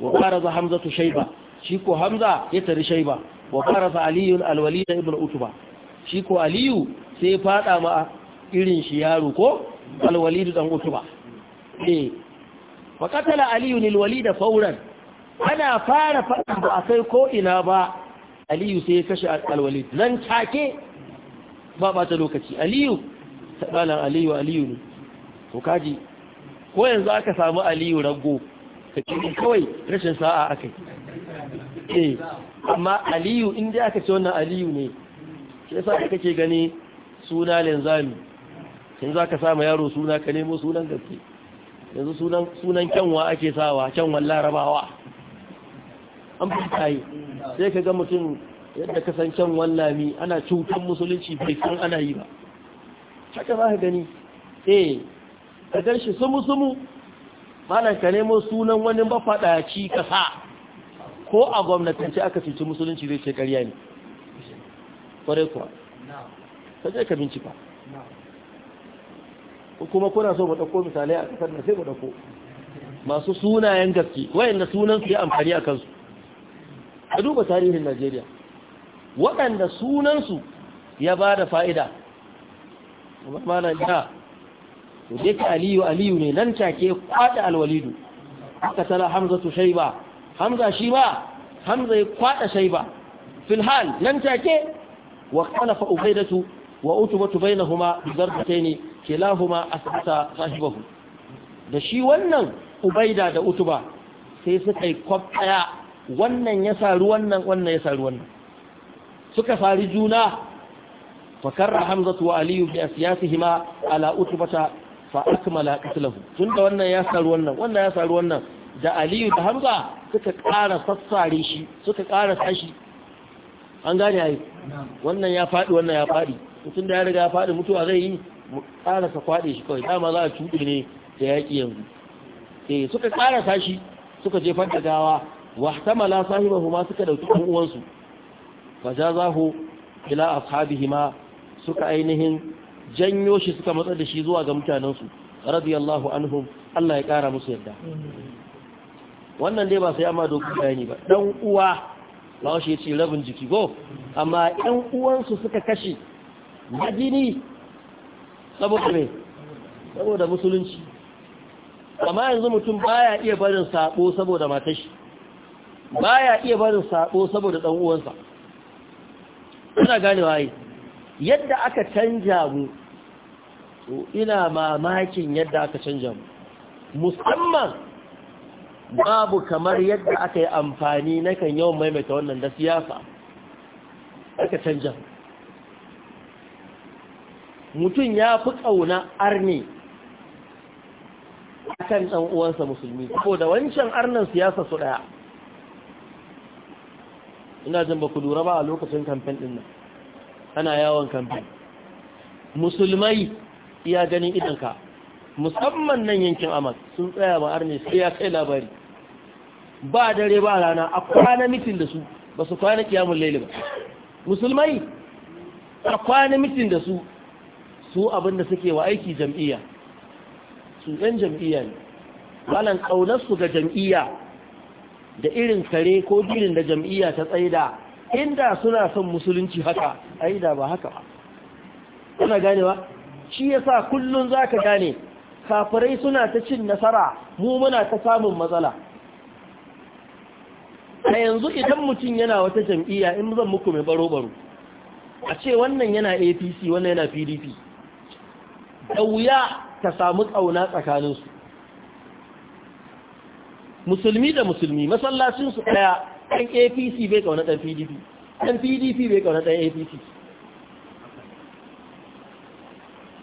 wa baraza hamzatu shayba shi ko hamza ya tari shayba wa baraza aliyun alwalid ibn utuba shi ko aliyu sai fada ma irin shi yaro ko alwalid dan utuba eh wa qatala aliyun alwalid fawran ana fara fadan ba akai ko ina ba aliyu sai ya kashe alwalid nan take ba ba ta lokaci aliyu tabalan aliyu aliyu ne to kaji ko yanzu aka samu aliyu rago kake kawai rashin sa'a yi eh amma aliyu in inda aka ce wannan aliyu ne sa ka kake gani suna linzami yanzu ka samu yaro suna ka nemo sunan gaske yanzu sunan kyanwa ake sawa kyanwan larabawa an fi yi sai ka ga mutum yadda kasancen wallami ana cutar musulunci bai san ana yi ba haka za ka gani eh ka gan shi sumu-sumu malar ka nemo sunan wani mafaɗaci kasa ko a gwamnatance aka cuci musulunci zai ce ƙarya ne Kwarai kuwa ka je ka bincika kuma kuna so mu ɗauko misalai a ƙasar na sai mu ɗauko masu sunayen gaske wayanda sunan su ya amfani a kansu a duba tarihin najeriya waɗanda sunansu ya ba da fa'ida malam ya, to aliyu aliyu ne nan take kwaɗa alwalidu aka tara hamza shai shaiba hamza shi ba hamza ya kwaɗa shaiba filhal nan take wa da ubaidatu wa huma ne, ke bainahuma a darbatayn kilahuma asbata bahu. da shi wannan ubaida da utuba sai suka yi kwaf wannan ya sari wannan wannan ya sari wannan suka fari juna fakarra hamzatu wa aliyu bi asiyasihima ala utbata fa akmala qatlahu tunda wannan ya sari wannan wannan ya sari wannan da aliyu da hamza suka ƙara sassare shi suka ƙara sashi an gane ai wannan ya faɗi wannan ya faɗi mutum da ya riga ya faɗi mutuwa zai yi mu sa fadi shi kawai dama za a cuɗe ne da yaƙi yanzu sai eh, suka ƙara sashi, suka jefar da gawa wahtamala sahibahuma suka dauki ɗan uwansu fajazahu ila ashabihima suka ainihin janyo shi suka matsa da shi zuwa ga mutanensu radiyallahu anhum Allah ya kara musu yadda wannan dai ba sai amma doki bayani ba dan uwa lawashi ya ce rabin jiki go amma ɗan uwansu suka kashe majini saboda me saboda musulunci amma yanzu mutum baya iya barin sabo saboda matashi Ba ya iya barin saɓo saboda ɗan'uwansa. Ina kuna gane waye yadda aka canja mu to ina mamakin yadda aka canja mu musamman babu kamar yadda aka yi amfani na kan yawan maimaita wannan da siyasa aka canja mutum ya fi ƙauna arni a kan ɗan'uwansa musulmi saboda wancan arnan siyasa su ɗaya ina jin ba ku lura ba a lokacin kamfen ɗin nan ana yawon kamfen musulmai iya ganin idanka musamman nan yankin amas sun tsaya ba arne sai ya kai labari ba dare ba rana a kwana mitin da su ba su kwana kiyamun laili ba musulmai a kwana mitin da su su abinda suke wa aiki jam'iyya su ɗan jam'iyya ne nan ƙaunarsu ga jam'iyya da irin kare ko girin da jam'iyya ta tsaida inda suna son musulunci haka aida ba haka ba kuna ganewa shi yasa kullun zaka gane kafirai suna ta cin nasara mu muna ta samun matsala a yanzu idan mutum yana wata jam'iyya in zan muku mai baro-baro a ce wannan yana apc wannan yana pdp da wuya ta samu ƙauna tsakaninsu musulmi da musulmi masallacin su daya ɗan apc bai kauna ɗan pdp ɗan pdp bai kauna ɗan apc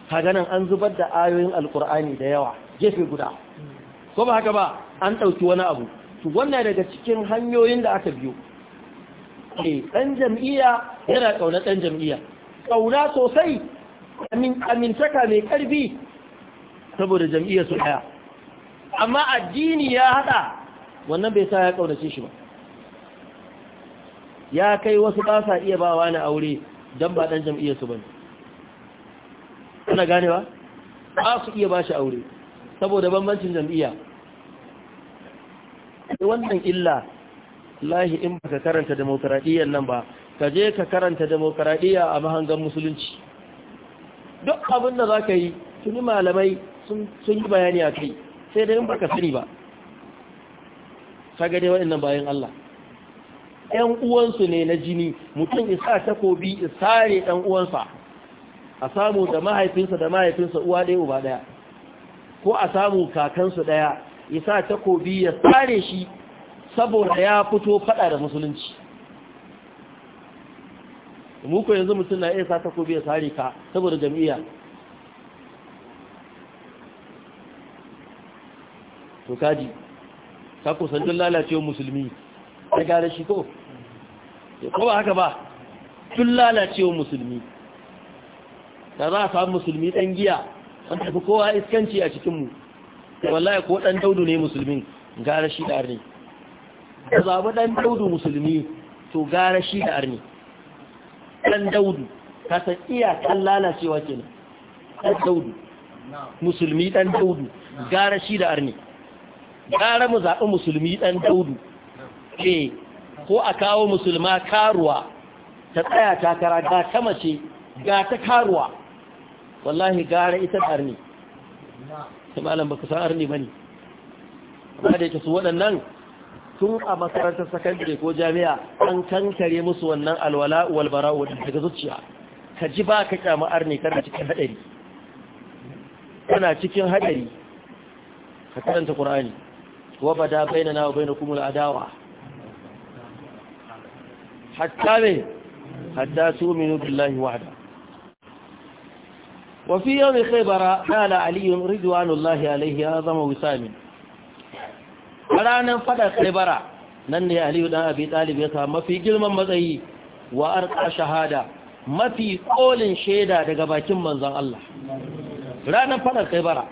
kaga nan an zubar da ayoyin alkur'ani da yawa gefe guda ko ba haka ba an ɗauki wani abu to wannan daga cikin hanyoyin da aka biyo eh ɗan jam'iyya yana ƙauna ɗan jam'iyya ƙauna sosai amintaka mai ƙarfi saboda jam'iyyar su ɗaya amma addini ya hada wannan bai sa ya kaunace shi ba ya kai wasu ba sa iya bawa ni aure don ba dan jam'iyyar su bane kana ganewa ba su iya ba shi aure saboda bambancin jam'iyya wannan illa wallahi in baka karanta demokradiyyar nan ba ka je ka karanta demokradiyya a mahangan musulunci duk abin da zaka yi tuni malamai sun yi bayani a kai sai da yin ka sani ba kaga dai waɗannan bayan Allah ‘yan uwansu ne na jini mutum isa takobi isa ne ɗan uwansa a samu da mahaifinsa da mahaifinsa uwa ɗaya uba ɗaya ko a samu kakansu ɗaya isa takobi ya sare shi saboda ya fito faɗa da musulunci muku yanzu mutum na iya sa takobi ya sare ka saboda jam'iyya to kaji ka kusan don lalacewa musulmi ya gane shi ko ko ba haka ba tun lalacewa musulmi da za a samu musulmi ɗan giya an tafi kowa iskanci a cikinmu wallahi ko ɗan daudu ne musulmin gara shi da arni da zaɓi ɗan daudu musulmi to gara shi da arni ɗan daudu ka san iyakan lalacewa kenan ɗan daudu musulmi ɗan daudu gara shi da arni gara mu zaɓi musulmi ɗan daudu ke ko a kawo musulma karuwa ta tsaya takara ga ta mace ga ta karuwa wallahi gara ita da arni ta malam baka san arni ba ne ba da yake su waɗannan tun a makarantar sakandare ko jami'a an kankare musu wannan alwala walbara wadda daga zuciya ka ji ba ka kyamu arni kana cikin haɗari kana cikin haɗari ka karanta ƙura'ani. وبدا بيننا وبينكم العداوة حتى به حتى تؤمنوا بالله وحده وفي يوم خيبر قال علي رضوان الله عليه أعظم وسام ranar fada kaibara nan ne aliyu dan abi talib ya mafi girman matsayi wa arqa shahada mafi kolin shaida daga bakin manzon Allah ranar fada kaibara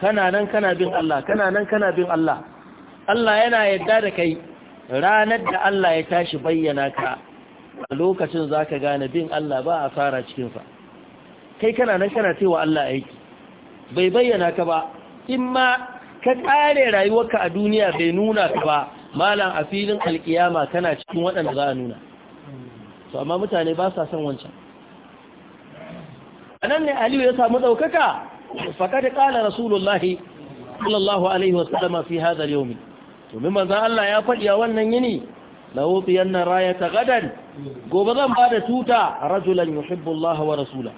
kana nan kana bin Allah kana nan kana bin Allah Allah yana yadda da kai ranar da Allah ya tashi bayyana ka a lokacin ka gane bin Allah ba a fara cikin sa kai kana nan kana cewa Allah aiki bai bayyana ka ba in ma ka kare rayuwarka a duniya bai nuna ka ba malam a filin alkiyama kana cikin waɗanda za a nuna to amma mutane ba sa son wancan anan ne aliyu ya samu ɗaukaka فقد قال رسول sallallahu alaihi الله عليه وسلم في هذا اليوم ومما ذا الله يا فدي wannan yini lahu tiyanna rayata gadan gobe zan bada tuta rajulan yuhibbu Allah wa rasula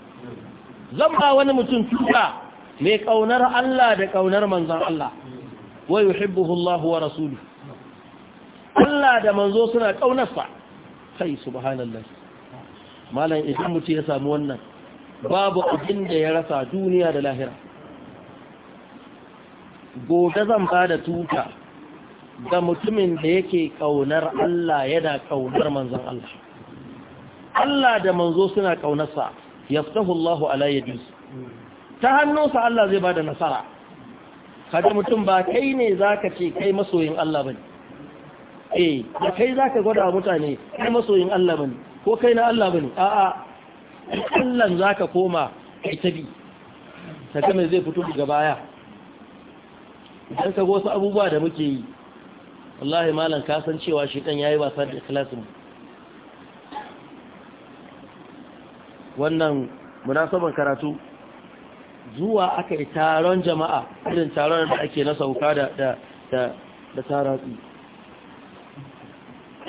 zan ba wani mutum tuta mai kaunar Allah da kaunar manzon Allah wa yuhibbuhu Allah wa rasuluhu Allah da manzo suna kaunarsa sai subhanallahi malam idan mutum ya samu wannan babu abin da ya rasa duniya da lahira gobe zan ba da tuta ga mutumin da yake kaunar Allah yana kaunar manzan Allah Allah da manzo suna kaunarsa ya Allahu ala yadi ta hannunsa Allah zai ba da nasara Kada mutum ba kai ne za ka ce kai masoyin Allah bane eh kai za ka gwada mutane kai masoyin Allah bane ko kai na Allah bane a'a allan za ka koma ita bi ta kame zai fito daga baya idan ka wasu abubuwa da muke yi wallahi malam kasan cewa cewa ɗan ya yi wasa da ikilasin wannan munasaban karatu zuwa aka yi taron jama'a irin taron da ake na sauka da da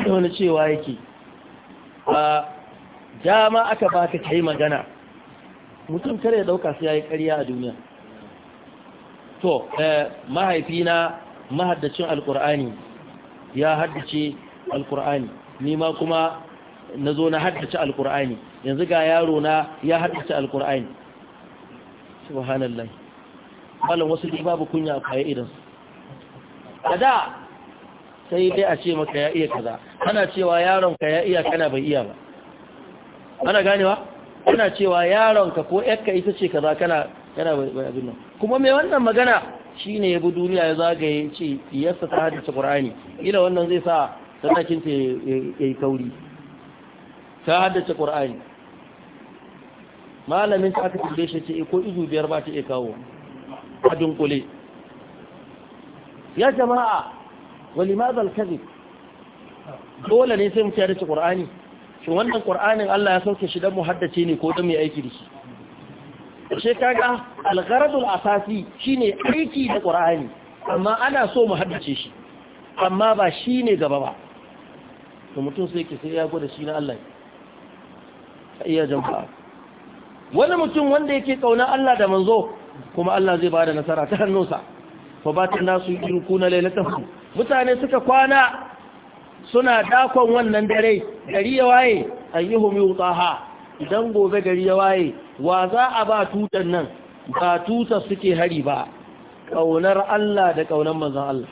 wani cewa yake a dama aka ba baka kai magana mutum kare dauka sai yayi ƙarya a duniya to eh, mahaifina mahaddacin alqur'ani ya haddace alqur'ani ni ma kuma nazo na haddace alqur'ani yanzu ga yaro na ya haddace alqur'ani subhanallahi malam wasu babu kunya a kai idan kada sai dai a ce maka ya iya kaza Kana cewa yaron ka ya iya kana bai iya ba ana ganewa ana cewa yaronka ko yakka ita ce kaza kana kana abin nan kuma mai wannan magana shine ya bi duniya ya zagaye ce yasa ta haddace qur'ani ila wannan zai sa sadakin ta yayi kauri ta haddace qur'ani malamin ta aka tambaye shi ce eh, ko izu biyar ba ta iya kawo a dunkule ya jama'a walimadal kadhib dole ne sai mu ci haddace qur'ani shi wannan ƙwar'anin Allah ya sauke shi don muhaddace ne ko don mai aiki da shi shi kaga algharadul asasi shine aiki da ƙwar'ani amma ana so mu muhaddace shi amma ba shi ne gaba ba to mutum sai ke sai ya gwada shi na Allah ta iya jama'a wani mutum wanda yake kauna Allah da manzo kuma Allah zai ba da nasara ta hannunsa fa ba ta nasu irin kuna lailatan mutane suka kwana suna dakon wannan dare gari ya waye ayyuhum tsaha, idan gobe gari ya waye wa za a ba tutan nan ba tuta suke hari ba Ƙaunar Allah da ƙaunar manzan Allah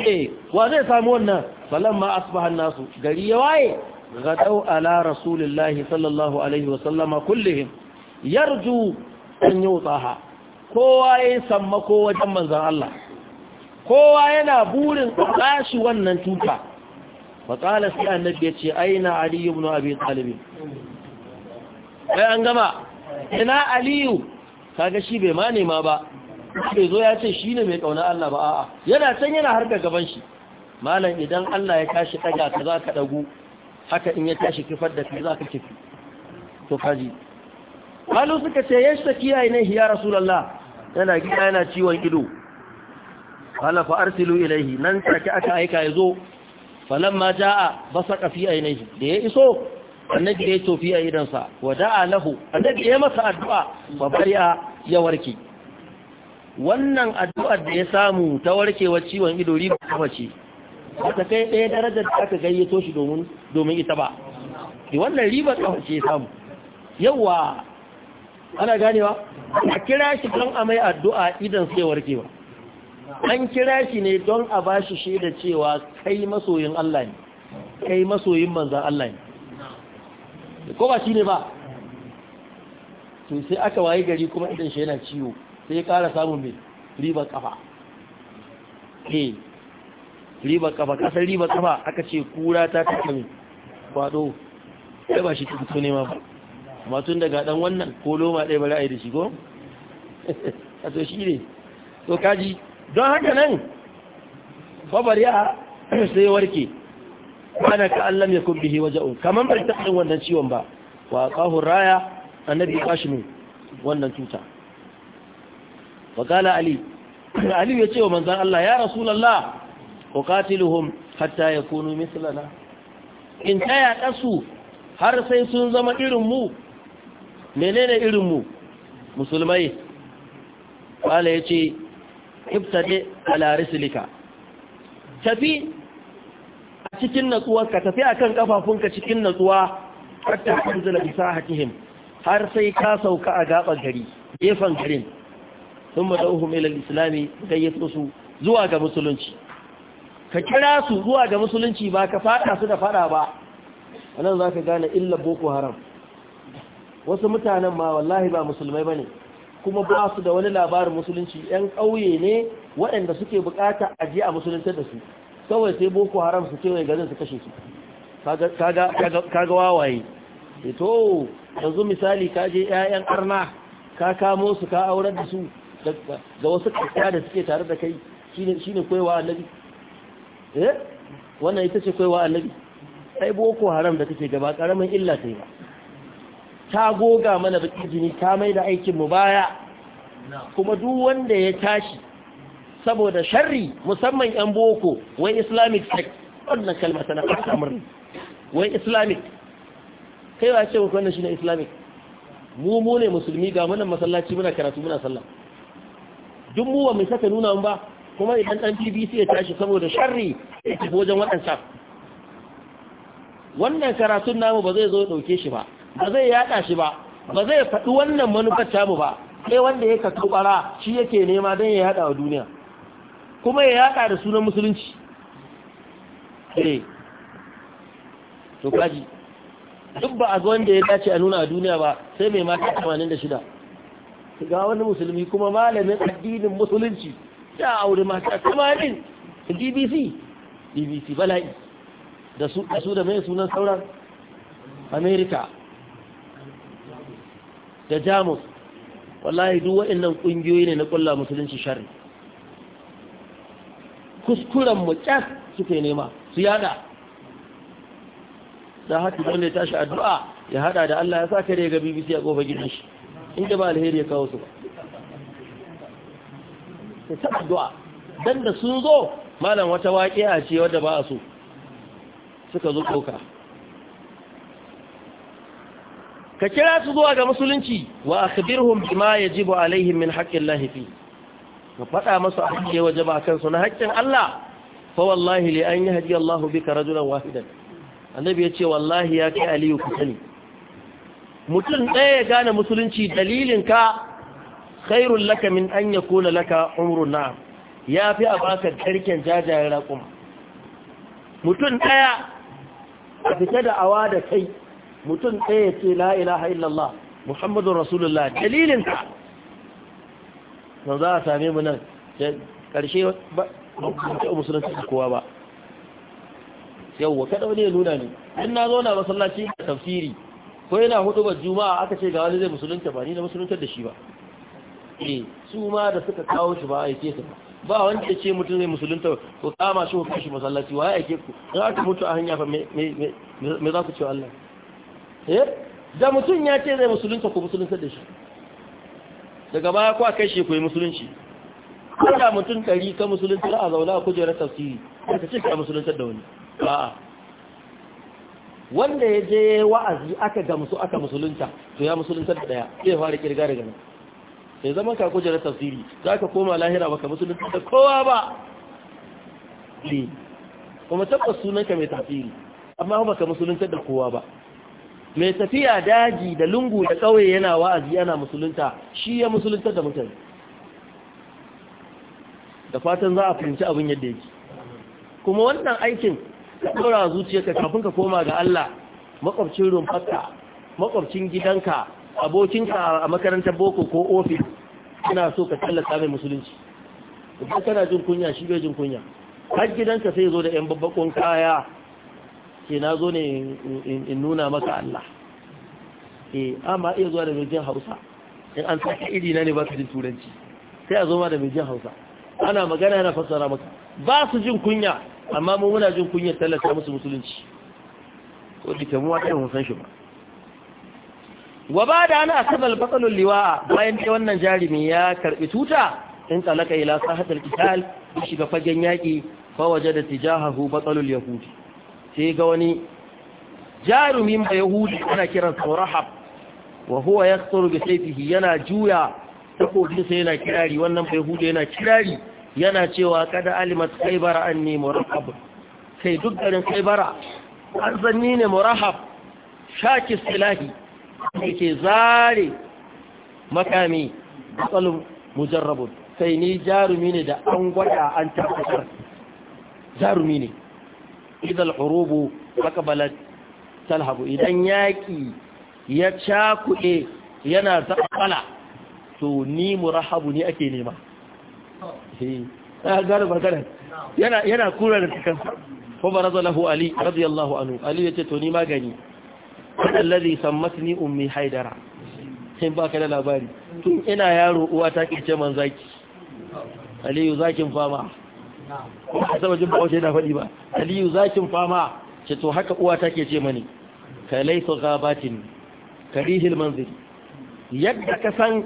eh wa zai sami wannan Salam falamma asbaha nasu gari ya waye ga gadau ala rasulillahi sallallahu alaihi wa kullum kullihim yarju an yutaha kowa yayin sammako wajen manzan Allah kowa yana burin tashi wannan tuta faƙala sai annabi ya ce aina aliyu ibn abi talib kai an gama ina aliyu kaga shi bai ma nema ba bai zo ya ce shine mai kauna Allah ba a'a yana can yana har da gaban shi malam idan Allah ya tashi daga ka ka dagu haka in ya tashi kifar da za ka kifi to kaji qalu suka ce yashtaki ya rasulullah yana gida yana ciwon ido qala fa arsilu ilayhi nan take aka aika yazo falamma jaa basaka fi ainihi da ya iso annabi da ya tofi a idansa wa lahu annabi ya masa addu'a wa ya warke wannan addu'ar da ya samu ta warkewar ciwon ido riba kafa ce ta kai ɗaya darajar da aka gayyato shi domin domin ita ba da wannan riba kafa ce ya samu yawa ana ganewa a kira shi don a mai addu'a idan sai warkewa an kira shi ne don a ba shi da cewa kai masoyin Allah ne kai masoyin manzan Allah ne ko ba shi ne ba to sai aka waye gari kuma idan shi yana ciwo sai ya kara samun mai ribar kafa eh ribar kafa kasar ribar kafa aka ce kura ta taka mai kwado sai ba shi tukutu ne ma ba amma tun daga dan wannan ko loma ɗaya ba za a yi da shi ko a to shi ne to kaji don haka nan babar ya sai warke ana ka allam ya kubbihi waja'un kaman bai taɓa wannan ciwon ba wa qahu raya annabi kashimi wannan tuta wa qala ali ali ya ce wa manzan Allah ya rasulullah uqatiluhum hatta ya yakunu mithlana in taya kasu har sai sun zama irin mu menene irin mu musulmai ya ce. ibtade ala rislika tafi a cikin natsuwa ka tafi akan kafafunka cikin natsuwa hatta bi sahatihim har sai ka sauka a gaban gari gefen garin thumma da'uhum ila islami gayyato su zuwa ga musulunci ka kira su zuwa ga musulunci ba ka fada su da fada ba anan zaka gane illa boko haram wasu mutanen ma wallahi ba musulmai bane kuma ba su da wani labarin musulunci yan ƙauye ne waɗanda suke bukata a je a musulunta da su kawai sai boko haram su kewaye garin su kashe su kaga wawaye eh to yanzu misali ka je 'ya'yan arna ka kamo su ka aurar da su ga wasu ƙasa da suke tare da kai shi ne kwaiwa annabi eh wannan ita ce kwaiwa annabi ai boko haram da kake gaba ƙaramin illa ta yi ba ta goga mana baki jini ta mai da aikinmu baya kuma duk wanda ya tashi saboda sharri musamman yan boko wai islamic sect wannan kalma tana fata murni wai islamic kai wa ce ku wannan shine islamic mu mu ne musulmi ga munan masallaci muna karatu muna sallah duk mu wa mai saka nuna mun ba kuma idan dan BBC ya tashi saboda sharri ya tafi wajen waɗansa wannan karatun namu ba zai zo dauke shi ba ba zai yada shi ba ba zai faɗi wannan manufar tamu ba sai wanda ya kasu bara shi yake nema don ya yada wa duniya kuma ya yada da sunan musulunci eh to kaji duk ba a ga wanda ya dace a nuna a duniya ba sai mai mata 86 ga wani musulmi kuma malamin addinin musulunci ya aure mata 80 bbc bbc bala'i da su da mai sunan sauran Amerika da jamus wallahi duk waɗannan kungiyoyi ne na ƙulla musulunci shari kuskuren mu ƙyar suke nema su yada da haka wanda ya tashi addu'a ya hada da Allah ya sa kare ga BBC a gofa gidan shi inda ba alheri ya kawo su ba sai ta addu'a dan da sun zo malam wata waƙiya ce wadda ba a so suka zo koka ka kira su zuwa ga musulunci wa akhbirhum bima yajibu alaihim min haqqillahi fi ka faɗa masu abin waje ba kansu na haƙƙin Allah fa wallahi li an yahdi Allahu bika rajulan wahidan annabi yace wallahi ya kai aliyu ku sani mutum ɗaya ya gane musulunci dalilin ka khairul laka min an yakuna laka umrun na'am fi a baka garken jajayen raƙum. mutum ɗaya a fita da awa da kai mutum ɗaya ce la ilaha illallah muhammadun rasulullah dalilin ka nan za a same mu nan ƙarshe ba a musulunci da kowa ba yawwa kada wani ya nuna ne in na zo na masallaci da tafsiri ko yana hudu ba juma'a aka ce ga wani zai musulunta ba ni na musuluntar da shi ba eh su ma da suka kawo shi ba a aike su ba wani ya ce mutum zai musulunta ko kama shi ko kashi masallaci wa ya aike ku za ka mutu a hanya fa me za ku ce Allah Eh? da mutum ya ce zai musulunta ku musulunta da shi daga baya kuwa kai shi ku yi musulunci kada mutum ɗari ka musulunta a zauna a kujerar tafsiri ka ce ka musulunta da wani a'a wanda ya je wa'azi aka ga musu aka musulunta to ya musulunta da daya zai fara kirga daga nan sai zama ka kujerar tafsiri za ka koma lahira baka musulunta da kowa ba ne kuma tabbas sunanka mai tafsiri amma ka musulunta da kowa ba mai tafiya daji da lungu da ƙauye yana wa'azi yana musulunta shi ya musulunta da mutane da fatan za a fahimci abin yadda yake kuma wannan aikin ka ɗora zuciyarka kafin ka koma ga Allah makwabcin rumfarka makwabcin gidanka abokinka a makarantar boko ko ofis yana so ka tallata mai musulunci idan kana jin kunya shi bai jin kunya har gidanka sai zo da 'yan babbakon kaya ce na zo ne in nuna maka Allah e amma iya zuwa da mai jin hausa in an saka iri na ne ba su jin turanci sai a zo ma da mai jin hausa ana magana yana fassara maka ba su jin kunya amma mu muna jin kunyar tallata musu musulunci ko dika mu wata mun san shi ba wa ba da ana asabal batsalul liwa bayan ta wannan jarumi ya karbi tuta in talaka ila sahatul shi shiga fagen yaki fa wajada tijahahu batsalul yahudi sai ga wani jarumin ba yahudi ana kiran saurahab wa huwa ya tsoro da saifihi yana juya takobinsa yana kirari wannan ba yahudi yana kirari yana cewa kada alimat kaibara an ne murahab sai duk garin kaibara an zanni ne murahab shaki silahi da ke zare makami matsalin mujarrabun sai ni jarumi ne da an gwada an tafasar jarumi ne idal hurubu aqbalat talhabu idan yaki ya cakuɗe yana zaɓala to ni murahabu ne ake nema yana kura da kansa kuma raza lahu ali radiyallahu anhu ali ya ce to ni magani allazi sammatni ummi haidara sai baka da labari tun ina yaro uwa ta kice man zaki aliyu zakin fama kuma a saba jin na faɗi ba aliyu zakin fama ce to haka uwa ta ke ce mani ka laifa gabatin karihil manzili yadda ka san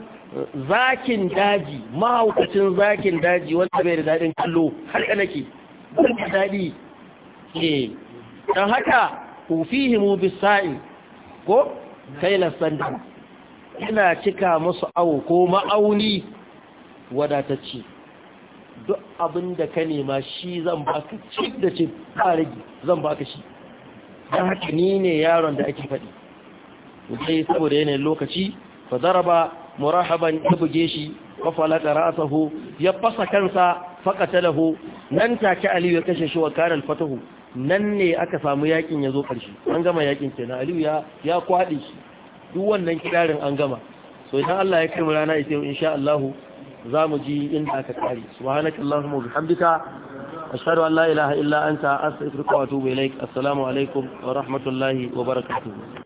zakin daji mahaukacin zakin daji wanda bai da daɗin kallo har kanake da daɗi ke don haka ku fi ufihimu bisa'i ko kailar sanda ina cika masu awo ko ma'auni wadatacci duk abin da ka nema shi zan baka ci da cif ba rage zan baka shi don haka ni ne yaron da ake faɗi sai saboda yanayin lokaci fa ba murahaban ya buge shi rasa ho ya fasa kansa faka faqatalahu nan take aliyu ya kashe shi wa kana alfatahu nan ne aka samu yakin zo karshe an gama yakin kenan aliyu ya kwaɗe shi duk wannan kirarin an gama so idan Allah ya kai mu rana ita insha Allah za mu ji inda aka kare subhanaka allahumma bihamdika ashhadu an la ilaha illa anta astaghfiruka wa atubu ilaik assalamu alaikum wa rahmatullahi wa barakatuh